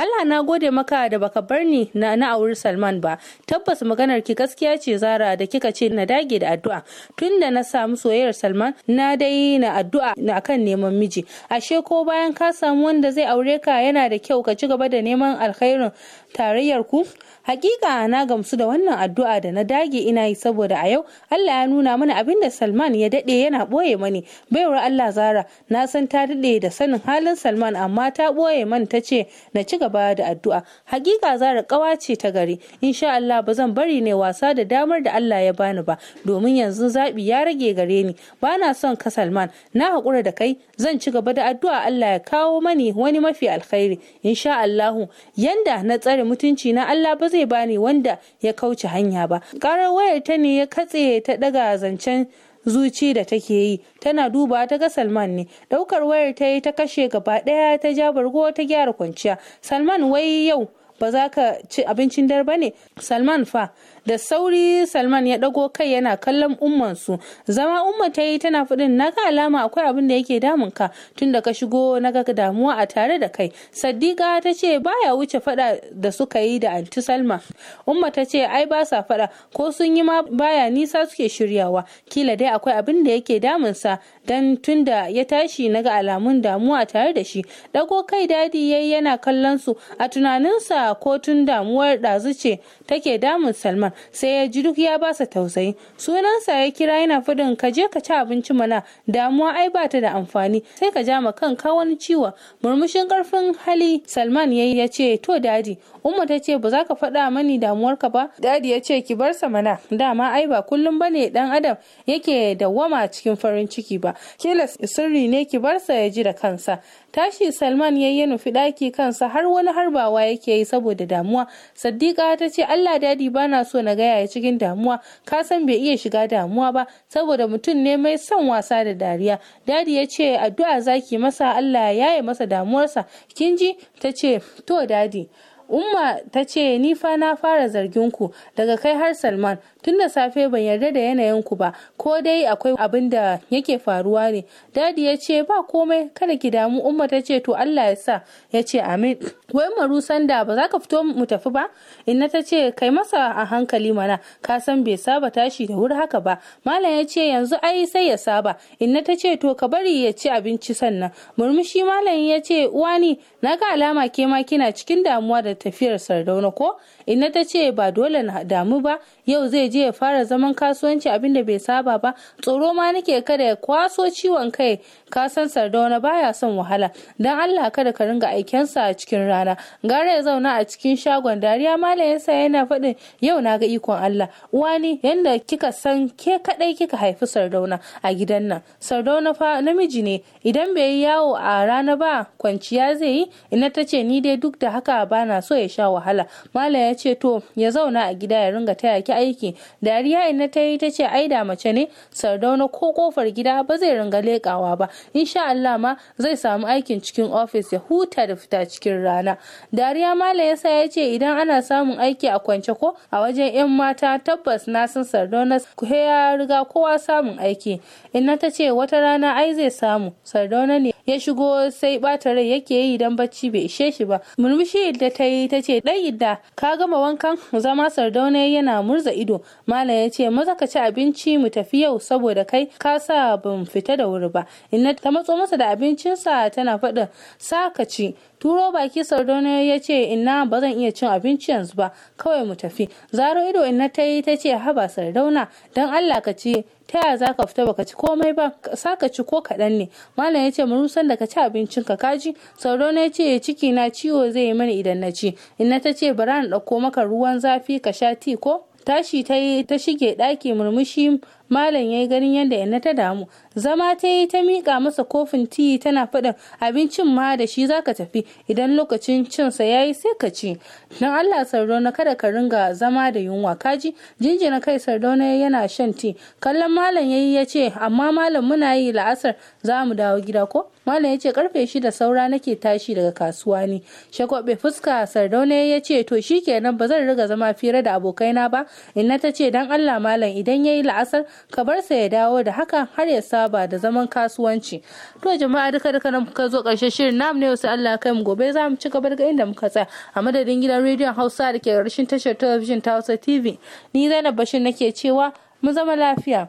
Allah na gode maka da baka bar ni na na auri Salman ba tabbas maganar ki gaskiya ce Zara da kika ce na dage da addu'a tunda na samu soyayyar Salman na dai na addu'a na akan neman miji ashe ko bayan ka samu wanda zai aure ka yana da kyau ka ci gaba da neman alkhairin tarayyar ku hakika na gamsu da wannan addu'a da na dage ina yi saboda a yau Allah ya nuna mana abin da Salman ya dade yana boye mani baiwar Allah Zara na san ta dade da sanin halin Salman amma ta boye man ta ce na ci gaba da addu'a hakika Zara kawa ce ta gari insha Allah ba zan bari ne wasa da damar da Allah ya bani ba domin yanzu zabi ya rage gare ni ba na son ka Salman na hakura da kai zan ci gaba da addu'a Allah ya kawo mani wani mafi alkhairi insha Allahu yanda na tsare mutunci na Allah ba zai zai bani wanda ya kauce hanya ba karar wayar ta ne ya katse ta daga zancen zuci da take yi tana duba ta ga salman ne daukar wayar ta yi ta kashe gaba daya ta ja bargo ta gyara kwanciya salman wai yau ba za ka ci abincin dare ba ne salman fa da sauri salman ya dago kai yana kallon umman su zama umma ta yi tana fudin na ga alama akwai abin da yake damun ka tun da ka shigo na ga damuwa a tare da kai saddiqa ta ce baya wuce fada da suka yi da anti salma umma ta ce ai ba sa fada ko sun yi ma baya nisa suke shiryawa kila dai akwai abin da yake damun sa dan tunda ya tashi na ga alamun damuwa a tare da shi dago kai dadi yayi yana kallon su a tunaninsa ko tun damuwar ɗazu ce take damun salman sai ya ji duk ya ba sa tausayi sunansa ya kira yana fadin ka je ka ci abinci mana damuwa ai ba ta da amfani sai ka ja ma ka wani ciwon murmushin karfin hali salman yayi ya ce to dadi umma ta ce ba za ka faɗa mani damuwarka ba dadi ya ce ki bar sa mana dama ai ba kullum ne dan adam yake dawwama cikin farin ciki ba kila sirri ne ki bar sa ya ji da kansa tashi salman yayi ya nufi ɗaki kansa har wani harbawa yake yi saboda damuwa saddiqa ta ce allah dadi bana so na gaya ya cikin damuwa ka san bai iya shiga damuwa ba saboda mutum ne mai son wasa da dariya dadi ya ce addu'a zaki masa Allah ya yi masa damuwarsa kin ji ta ce to dadi umma ta ce ni fa na fara zargin ku daga kai har salman tun da safe ban yarda da yanayin ku ba ko dai akwai abin da yake faruwa ne dadi ya ce ba komai kada ki damu umma ta ce to Allah ya sa ya ce amin wai maru sanda ba za ka fito mu tafi ba inna ta ce kai masa a hankali mana ka san bai saba tashi da wuri haka ba malam ya ce yanzu ai sai ya saba inna ta ce to ka bari ya ci abinci sannan murmushi malam ya ce uwani na ga alama ke ma kina cikin damuwa da tafiyar sardauna ko inna ta ce ba dole na damu ba yau zai je ya fara zaman kasuwanci abinda bai saba ba tsoro ma nake kada ya kwaso ciwon kai ka san sardauna baya son wahala dan Allah kada ka ringa sa a cikin rana gara ya zauna a cikin shagon dariya malayensa yana faɗin yau na ga ikon Allah uwa ni yanda kika san ke kadai kika haifi sardauna a gidan nan sardauna fa namiji ne idan bai yi yawo a rana ba kwanciya zai yi inna ta ce ni dai duk da haka ba na so ya sha wahala malam ya ce to ya zauna a gida ya ringa taya ki aiki dariya ina ta yi ta ce ai da mace ne sardauna ko kofar gida ba zai ringa lekawa ba insha Allah ma zai samu aikin cikin ofis ya huta da fita cikin rana dariya malam yasa ya ce idan ana samun aiki a kwance ko a wajen yan mata tabbas na san sardauna ku ya riga kowa samun aiki ina ta ce wata rana ai zai samu sardauna ne ya shigo sai bata rai yake yi dan bacci bai ishe shi ba murmushi da ta yi ta ce ɗan idda ka gama wankan zama sardauna yana murza ido malam ya ce maza ka ci abinci mu tafi yau saboda kai ka sa ban fita da wuri ba inna ta matso masa da abincinsa tana faɗin sa ka ci turo baki sardauna ya ce inna ba zan iya cin abinci yanzu ba kawai mu tafi zaro ido inna ta yi ta ce haba sardauna don allah ka ci ta yaya ka fita baka ci komai ba sa ka ci ko kaɗan ne malam ya ce mu rusan da ka ci abincin ka kaji sauro na ce eh, ciki na ciwo zai yi mani idan na ci inna ta ce bara na ɗauko maka ruwan zafi ka sha ti ko tashi ta yi ta shige ɗaki murmushi malam ya yi ganin yadda ina ta damu zama ta yi ta miƙa masa kofin tiyi tana faɗin abincin ma da shi zaka tafi idan lokacin cinsa ya yi sai ka ci don allah sardauna kada ka ringa zama da yunwa kaji jinjina kai sardauna yana shan ti kallon malam ya yi ya ce amma malam muna yi la'asar za mu dawo gida ko malam ya ce karfe da saura nake tashi daga kasuwa ne shagwabe fuska sardauna ya ce to shikenan ba zan riga zama fira da abokaina ba inna ta ce don allah malam idan ya yi la'asar ka bar sa ya dawo da haka har ya saba da zaman kasuwanci to jama'a duka duka nan muka zo karshe shirin namu ne wasu Allah kai mu gobe za mu ci gaba daga inda muka tsaya a madadin gidan rediyon Hausa da ke karshen tashar talabijin ta Hausa TV ni Zainab Bashir nake cewa mu zama lafiya.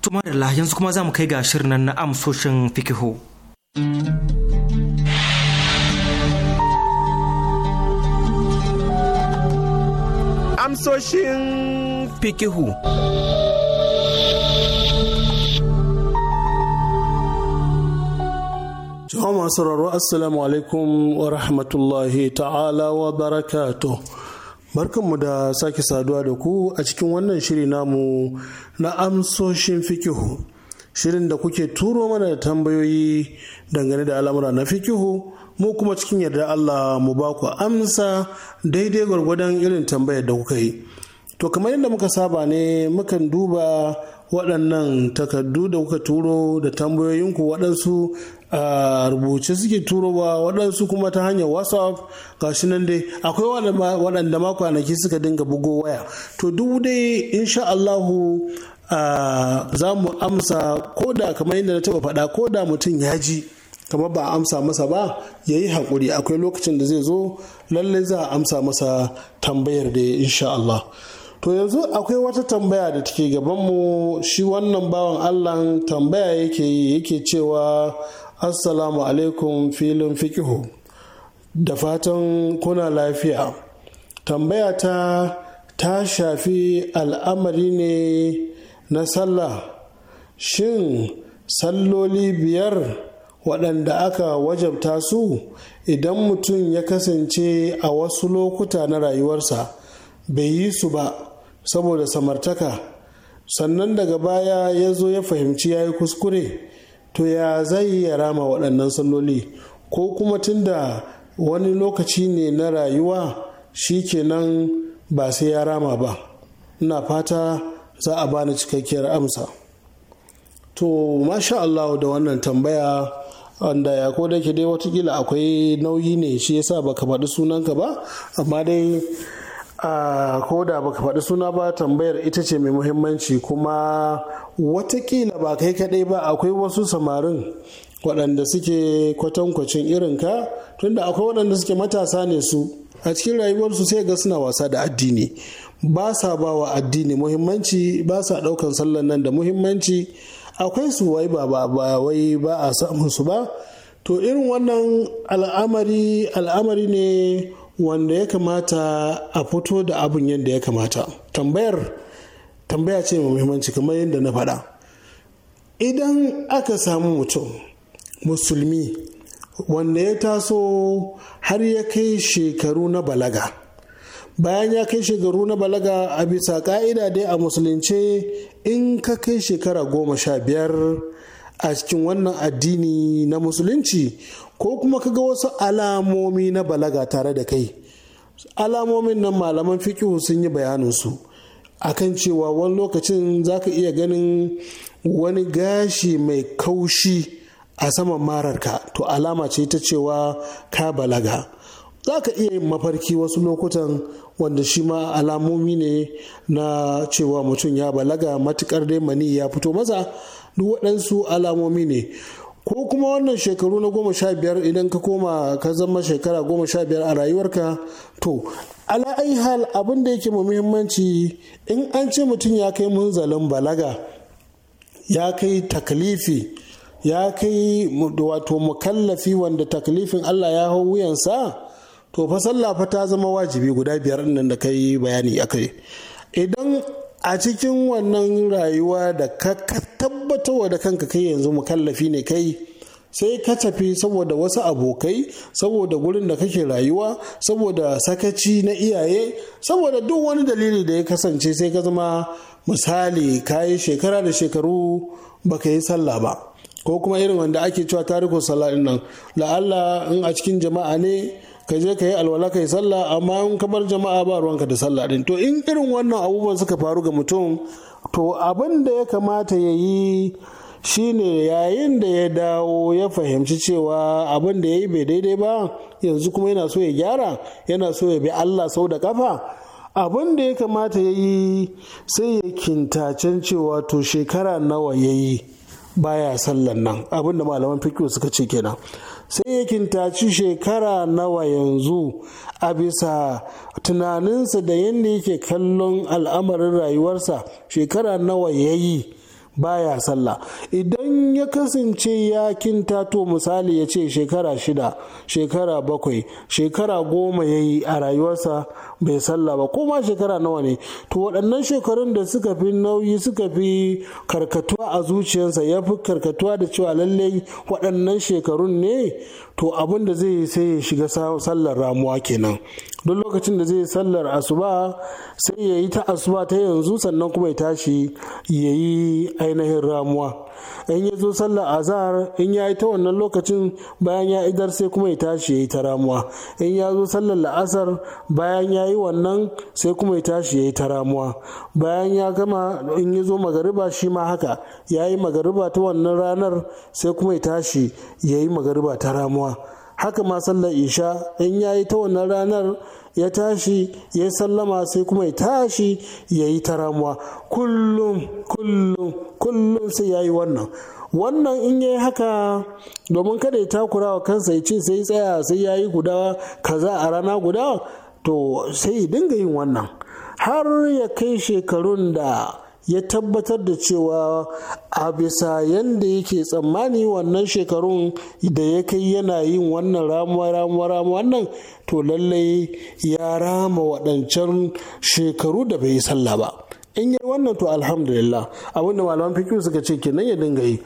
Tuma da yanzu kuma za mu kai ga shirin na amsoshin fikihu. amsoshin fikihu. Jama'a masu sauraro Assalamu alaikum wa rahmatullahi ta'ala wa barakato. Barkanmu da sake saduwa da ku a cikin wannan shiri namu na amsoshin fikihu. Shirin da kuke turo mana da tambayoyi dangane da al'amura na fikihu. mu kuma cikin yarda Allah mu ba ku amsa daidai gwargwadon irin tambayar da kuka yi to kamar yadda muka saba ne mukan duba waɗannan takardu da kuka turo da tambayoyinku waɗansu a rubuce suke turo ba waɗansu kuma ta hanyar whatsapp gashi nan dai akwai waɗanda ma kwanaki suka dinga bugo waya to duk dai insha Allahu za mu amsa ko da kamar yadda na taɓa faɗa ko da mutum ya ji kamar ba a amsa masa ba ya yi haƙuri akwai lokacin da zai zo lallai za a amsa masa tambayar da insha Allah to yanzu akwai wata tambaya da take gabanmu shi wannan bawan Allah tambaya yake yi yake cewa assalamu alaikum filin fikihu da fatan kuna lafiya tambaya ta ta shafi al'amari ne na sallah shin salloli biyar waɗanda aka wajabta su idan mutum ya kasance a wasu lokuta na rayuwarsa bai yi su ba saboda samartaka sannan daga baya ya zo ya fahimci ya yi kuskure to ya zai ya rama waɗannan salloli ko kuma tunda wani lokaci ne na rayuwa shi kenan ba sai ya rama ba ina fata za a bani cikakkiyar amsa to masha Allah da wannan tambaya wanda ya ko dai ke dai watakila akwai nauyi ne shi yasa baka faɗi sunanka ba amma dai a ko da baka faɗi suna ba tambayar ita ce mai muhimmanci kuma watakila ba kai kaɗai ba akwai wasu samarin waɗanda suke kwatankwacin irinka tunda akwai waɗanda suke matasa ne su a cikin rayuwarsu sai ga suna wasa da addini ba sa ba wa addini muhimmanci ba sa ɗaukan sallan nan da muhimmanci akwai su wai ba ba wai ba a samun su ba to irin wannan al'amari al'amari ne wanda ya kamata a fito da abin yadda ya kamata tambayar tambaya ce mai muhimmanci kamar yadda na faɗa idan aka samu mutum musulmi wanda ya taso har ya kai shekaru na balaga bayan ya kai shekaru na balaga a bisa ka'ida dai a musulunce in ka kai shekara goma sha biyar a cikin wannan addini na musulunci ko kuma ka ga wasu alamomi na balaga tare da kai alamomin nan malaman fikihu sun yi bayaninsu kan cewa wani lokacin za ka iya ganin wani gashi mai kaushi a saman mararka to alama ce ta cewa ka balaga za ka iya yin mafarki wasu lokutan wanda shi ma alamomi ne na cewa mutum ya balaga matukar dai mani ya fito masa duk waɗansu alamomi ne ko kuma wannan shekaru na goma sha biyar idan ka koma ka zama shekara goma sha biyar a rayuwarka to ala hal abin da yake muhimmanci in an ce mutum ya kai munzalin balaga ya kai taklifi ya kai wato mukallafi wanda taklifin allah ya hau wuyansa to fa sallah fa ta zama wajibi guda biyar nan da kai bayani akai idan a cikin wannan rayuwa da ka tabbatarwa da kanka kai yanzu mukallafi ne kai sai ka tafi saboda wasu abokai saboda gurin da kake rayuwa saboda sakaci na iyaye saboda duk wani dalili da ya kasance sai ka zama misali ka yi shekara da shekaru baka yi sallah ba ko kuma irin wanda ake cewa tarihin sallah nan la'alla in a cikin jama'a ne ka je ka yi alwala ka yi sallah amma in ka bar jama'a ba ruwanka da sallah din to in irin wannan abubuwan suka faru ga mutum to abin da ya kamata ya yi shine yayin da ya dawo ya fahimci cewa abin da ya yi bai daidai ba yanzu kuma yana so ya gyara yana so ya bi Allah sau da kafa abin da ya kamata ya yi sai ya kintacen cewa to shekara nawa ya yi baya sallan nan abin da malaman fikiyo suka ce kenan sai ya kintaci shekara nawa yanzu a bisa tunaninsa da yadda yake kallon al'amarin rayuwarsa shekara nawa ya yi baya sallah idan ya kasance ya kintato misali ya ce shekara shida shekara bakwai shekara goma ya yi a rayuwarsa bai sallah ba ko ma shekara nawa ne to waɗannan shekarun da suka fi nauyi suka fi karkatuwa a zuciyarsa ya fi karkatuwa da cewa lallai waɗannan shekarun ne to abin da zai sai ya shiga sallar ramuwa kenan don lokacin da zai sallar asuba sai ya yi ta asuba ta yanzu sannan kuma ya tashi ya yi ainihin ramuwa in ya zo sallar azahar in ya yi ta wannan lokacin bayan ya idar sai kuma ya tashi ya yi ta ramuwa in ya zo sallar la'asar bayan ya yi wannan sai kuma ya tashi ya yi ta ramuwa bayan ya gama in ya zo magariba shi ma haka ya yi magariba ta wannan ranar sai kuma ya tashi ya yi magariba ta ramuwa haka ma sallar isha in ya yi ta wannan ranar ya tashi ya yi sallama sai kuma ya tashi ya yi ta ramuwa kullum kullum kullum sai ya yi wannan wannan in ya yi haka domin kada ya takura wa kansa ya ce sai tsaya sai ya yi guda kaza a rana guda to sai ya dinga yin wannan har ya kai shekarun da ya tabbatar da cewa a bisa yadda yake tsammani wannan shekarun da ya kai yana yin wannan ramuwa ramuwa ramuwa wannan to lallai ya rama waɗancan shekaru da bai yi sallah ba in yi wannan to alhamdulillah abinda malaman fikiyu suka ce kenan ya dinga yi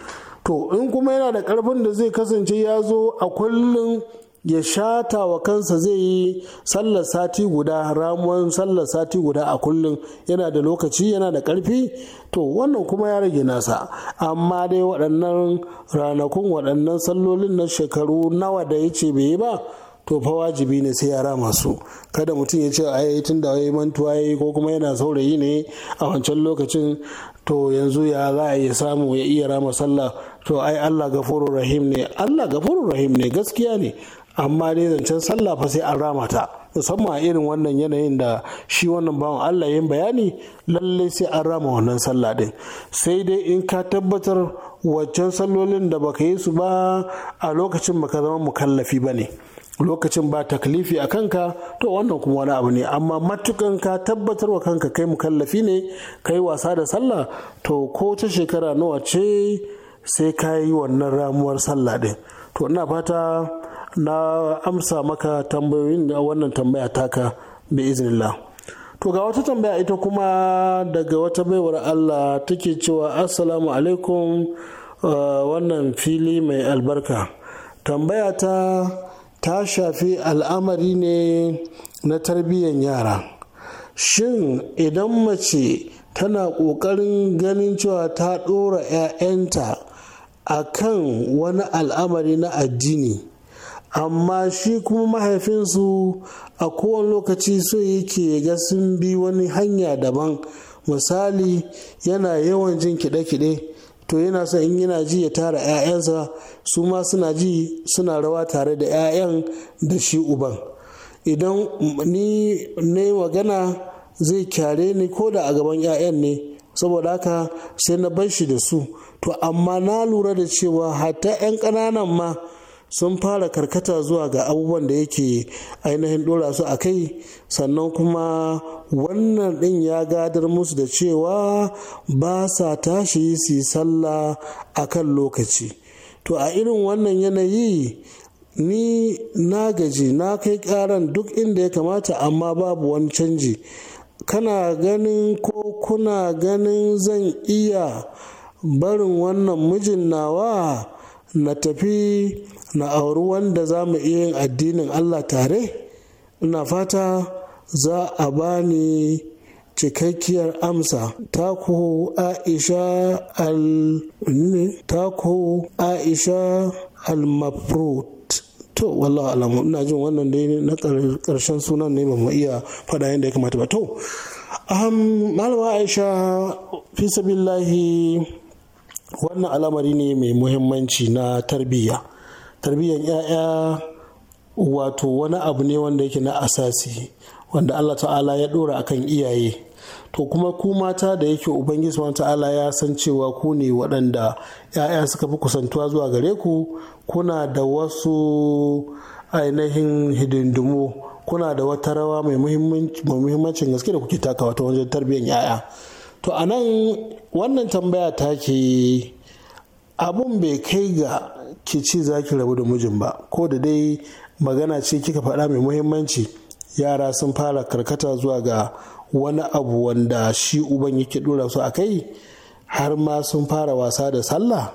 to in kuma yana da karfin da zai kasance ya zo a kullum ya shata wa kansa zai yi sallar sati guda ramuwan sallar sati guda a kullum yana da lokaci yana da karfi to wannan kuma ya rage nasa amma dai waɗannan ranakun waɗannan sallolin na shekaru nawa da ya ce bai yi ba to fa wajibi ne sai yara masu kada mutum ya ce a ai tun da wai mantuwa ya ko kuma yana saurayi ne a wancan lokacin to yanzu ya za a iya samu ya iya rama sallah to ai Allah gafuru rahim ne Allah gafuru rahim ne gaskiya ne amma dai zancen sallah fa sai an rama ta musamman a irin wannan yanayin da shi wannan bawan Allah yin bayani lallai sai an rama wannan sallah din sai dai in ka tabbatar waccan sallolin da baka yi su ba a lokacin baka zama mukallafi ba ne lokacin ba taklifi a kanka to wannan kuma wani abu ne amma matukan ka tabbatar wa kanka kai mukallafi ne kai wasa da sallah to ko ta shekara nawa ce sai ka yi wannan ramuwar sallah din to ina fata na amsa maka tambayoyin wannan tambaya taka bi iznillah to ga wata tambaya ita kuma daga wata baiwar Allah take cewa assalamu alaikum uh, wannan fili mai albarka tambaya ta ta shafi al'amari ne na tarbiyyar yara shin idan mace tana ƙoƙarin ganin cewa ta ɗora 'ya'yanta a kan wani al'amari na addini amma shi kuma mahaifinsu a kowane lokaci so yake ga sun bi wani hanya daban misali yana yawan jin kiɗe-kiɗe to yana son in yana ji ya tara 'ya'yansa su ma suna ji suna rawa tare da 'ya'yan da shi uban idan ni ne magana zai kyare ni ko da a gaban 'ya'yan ne saboda haka sai na bar shi da su to amma na lura da cewa hatta 'yan ƙananan ma sun fara karkata zuwa ga abubuwan da yake ainihin dora su a kai sannan kuma wannan ɗin ya gadar musu da cewa ba sa tashi su sallah a kan lokaci to a irin wannan yanayi ni na gaji na kai ƙaran duk inda ya kamata amma babu wani canji kana ganin ko kuna ganin zan iya barin wannan mijin nawa na tafi na auri wanda za mu iya yin addinin allah tare ina fata za a bani cikakkiyar amsa taku aisha al taku aisha al mafrut to wallahi alamu ina jin wannan dai na karshen sunan ne ba mu iya faɗa yadda ya kamata ba to malama aisha fi sabillahi wannan al'amari ne mai muhimmanci na tarbiyya tarbiyyar 'ya'ya wato wani abu ne wanda yake na asasi wanda Allah ta'ala ya dora akan iyaye to kuma ku mata da yake ubangiji wa ta'ala ya san cewa ku ne waɗanda 'ya'ya suka fi kusantuwa zuwa gare ku kuna da wasu ainihin hidindimu kuna da wata rawa mai muhimmancin gaske da kuke taka wata wajen tarbiyyar 'ya'ya to a nan wannan tambaya ta ke abun bai kai ga ki ci za ki rabu da mijin ba ko da dai magana ce kika faɗa mai muhimmanci yara sun fara karkata zuwa ga wani abu wanda shi uban yake dora su a kai har ma sun fara wasa da sallah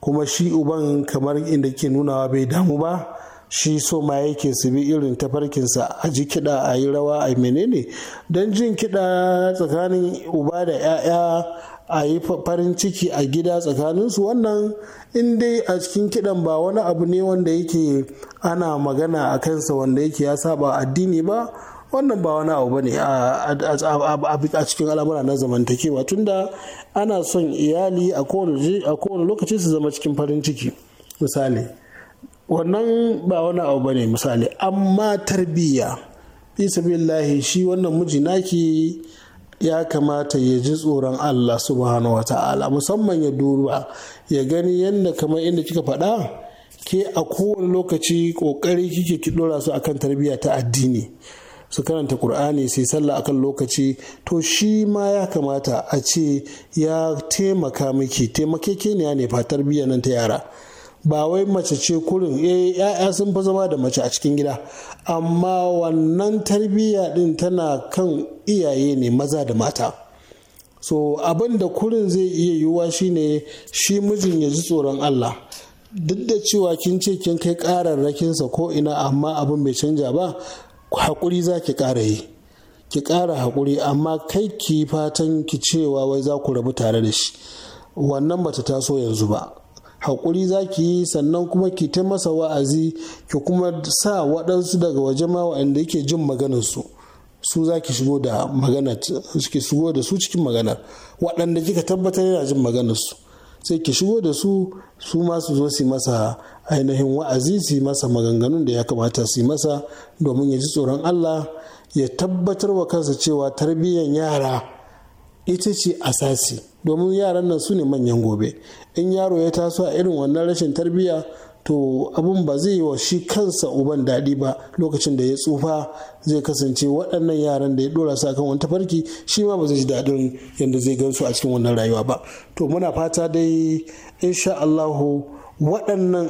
kuma shi uban kamar inda ke nunawa bai damu ba shi so ma yake su bi irin tafarkinsa a ji kiɗa a yi rawa a menene don jin kiɗa tsakanin uba da 'ya'ya a yi farin ciki a gida tsakaninsu wannan in dai a cikin kidan ba wani abu ne wanda yake ana magana a kansa wanda yake ya saba addini ba wannan ba wani abu ne a cikin al'amura na zamantakewa tunda ana son iyali a kowane lokaci su zama cikin farin ciki misali wannan ba wani abu ne misali amma tarbiyya fi shi wannan miji naki ya kamata ya ji tsoron Allah subhanahu wa ta'ala musamman ya duba ya gani yadda kamar inda kika faɗa ke a kowane lokaci ƙoƙari kike ki ɗora su akan tarbiyya ta addini su karanta ƙur'ani sai sallah akan lokaci to shi ma ya kamata a ce ya taimaka miki taimakekeniya ne fa tarbiyya nan ta yara ba wai mace ce kurin ya eh, ya'ya sun fi zama da mace a cikin gida amma wannan tarbiyya din tana kan iyaye ne maza da mata so abin da kurin zai iya yiwuwa shine shi mijin ya ji tsoron Allah duk da cewa kin ce kin kai ƙararrakinsa ko ina amma abin bai canja ba hakuri za ki ƙara yi ki ƙara haƙuri amma kai ki fatan ki cewa wai za ku rabu tare da shi wannan bata taso yanzu ba haƙuri za ki yi sannan kuma ki ta masa wa'azi ki kuma sa waɗansu daga waje ma waɗanda yake jin maganarsu su za ki shigo da magana ki shigo da su cikin maganar waɗanda kika tabbatar yana jin maganarsu sai ki shigo da su su ma su zo su masa ainihin wa'azi su masa maganganun da ya kamata su masa domin ya ji tsoron Allah ya tabbatar wa kansa cewa tarbiyyar yara ita ce asasi domin yaran nan su ne manyan gobe in yaro ya taso a irin wannan rashin tarbiyya to abun ba zai yi wa shi kansa uban daɗi ba lokacin da ya tsufa zai kasance waɗannan yaran da ya ɗora su kan wani tafarki shi ma ba zai ji daɗin yadda zai gansu a cikin wannan rayuwa ba to muna fata dai insha Allahu waɗannan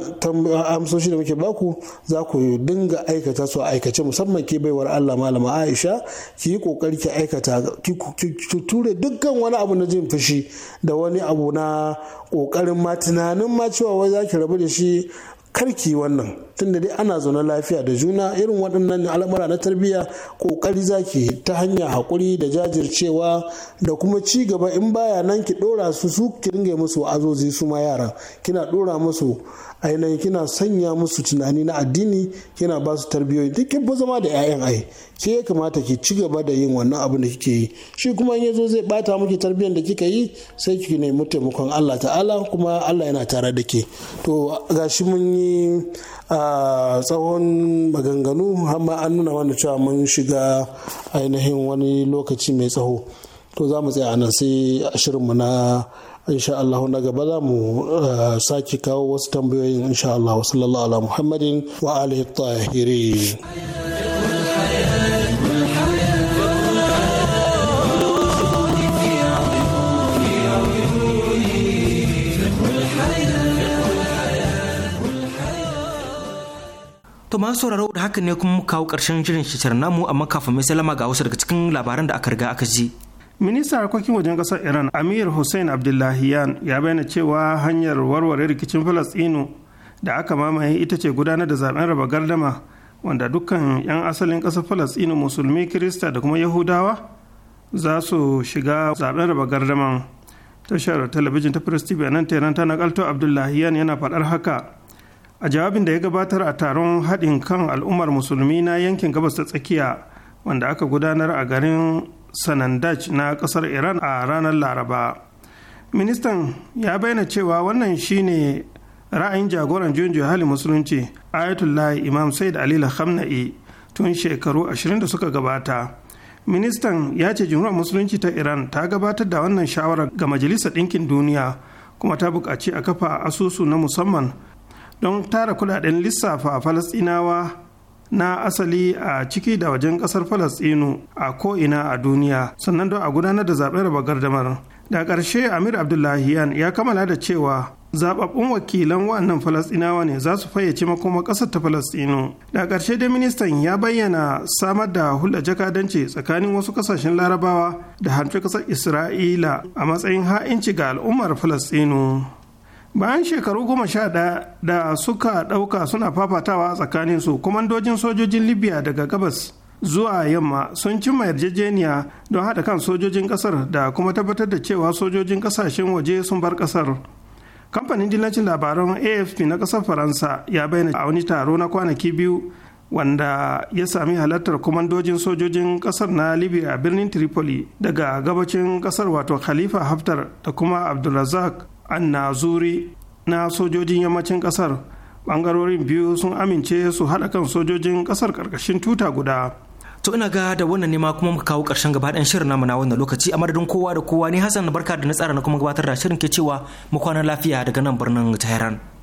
amsoshi da muke baku za ku dinga aikata su a aikace musamman ke baiwar Allah malama Aisha ki yi kokari ki aikata ki ture dukkan wani abu na jin fushi da wani abu na kokarin ma tunanin ma cewa wai za ki rabu da shi karki wannan tunda dai ana zaune lafiya da juna irin waɗannan al'amura na tarbiyya ƙoƙari zaki ta hanya haƙuri da jajircewa da kuma ci gaba in baya nan ki ɗora su su ki ringa musu azozi su ma yara kina ɗora musu ainihin kina sanya musu tunani na addini kina ba su tarbiyoyi duk ba zama da 'ya'yan ai ke ya kamata ki ci gaba da yin wannan abin da kike yi shi kuma in yazo zai bata miki tarbiyan da kika yi sai ki nemi taimakon Allah ta'ala kuma Allah yana tare da ke to gashi mun yi tsawon maganganu har ma an nuna mana cewa mun shiga ainihin wani lokaci mai tsawo to za mu tsaya nan sai shirin mu na insha Allah na gaba za mu eh, sake kawo wasu tambayoyin insha Allah wa sallallahu ala Muhammadin wa alihi tahirin To masu sauraro da haka ne kuma kawo ƙarshen shirin shi namu amma kafin mai salama ga wasu daga cikin labaran da aka riga aka ji. ministan harkokin wajen kasar iran amir hussein abdullahiyan ya bayyana cewa hanyar warware rikicin falastinu da aka mamaye ita ce gudanar da zaben raba gardama wanda dukkan 'yan asalin kasar falastinu musulmi kirista da kuma yahudawa za su shiga zaben raba gardaman tashar talabijin ta press tv nan teran ta nakalto abdullahiyan yana faɗar haka a jawabin da ya gabatar a taron haɗin kan al'ummar musulmi na yankin gabas ta tsakiya wanda aka gudanar a garin sanandaj na kasar iran a ranar laraba ministan ya bayyana cewa wannan shine ra'ayin jagoran juyin hali musulunci ayatollah imam said ali khamna'i tun shekaru 20 da suka gabata ministan ya ce jumhuriyar musulunci ta iran ta gabatar da wannan shawarar ga majalisar ɗinkin duniya kuma ta buƙaci a kafa asusu na musamman don tara kudaden lissafa falasɗinawa na asali a ciki da wajen kasar falastinu a ko'ina a duniya sannan don a gudanar da zaɓen raba gardamar da ƙarshe amir abdullahiyan ya kammala da cewa zababbun wakilan wa'annan falastinawa ne za su fayyace makoma ƙasar ta falastinu da ƙarshe dai ministan ya bayyana samar da hulɗa jakadanci tsakanin wasu ƙasashen larabawa da hanfi ƙasar isra'ila a matsayin ha'inci ga al'ummar falastinu bayan shekaru goma sha daya da suka ɗauka suna fafatawa tsakanin su kwamandojin sojojin libya daga gabas zuwa yamma sun cimma yarjejeniya don haɗa kan sojojin ƙasar da kuma tabbatar da cewa sojojin ƙasashen waje sun bar ƙasar kamfanin dillacin labaran afp na ƙasar faransa ya bayyana a wani taro na kwanaki biyu wanda ya sami halartar kwamandojin sojojin ƙasar na libya birnin tripoli daga gabacin ƙasar wato khalifa haftar da kuma abdulrazak annazuri na sojojin yammacin kasar bangarorin biyu sun amince su haɗa kan sojojin kasar karkashin tuta guda to ina ga da wannan ne ma kuma muka kawo ƙarshen gaba ɗayan shirin namu na wannan lokaci a madadin kowa da kowa ni hassan barka da na tsara na kuma gabatar da shirin ke cewa mu kwana lafiya daga nan birnin tehran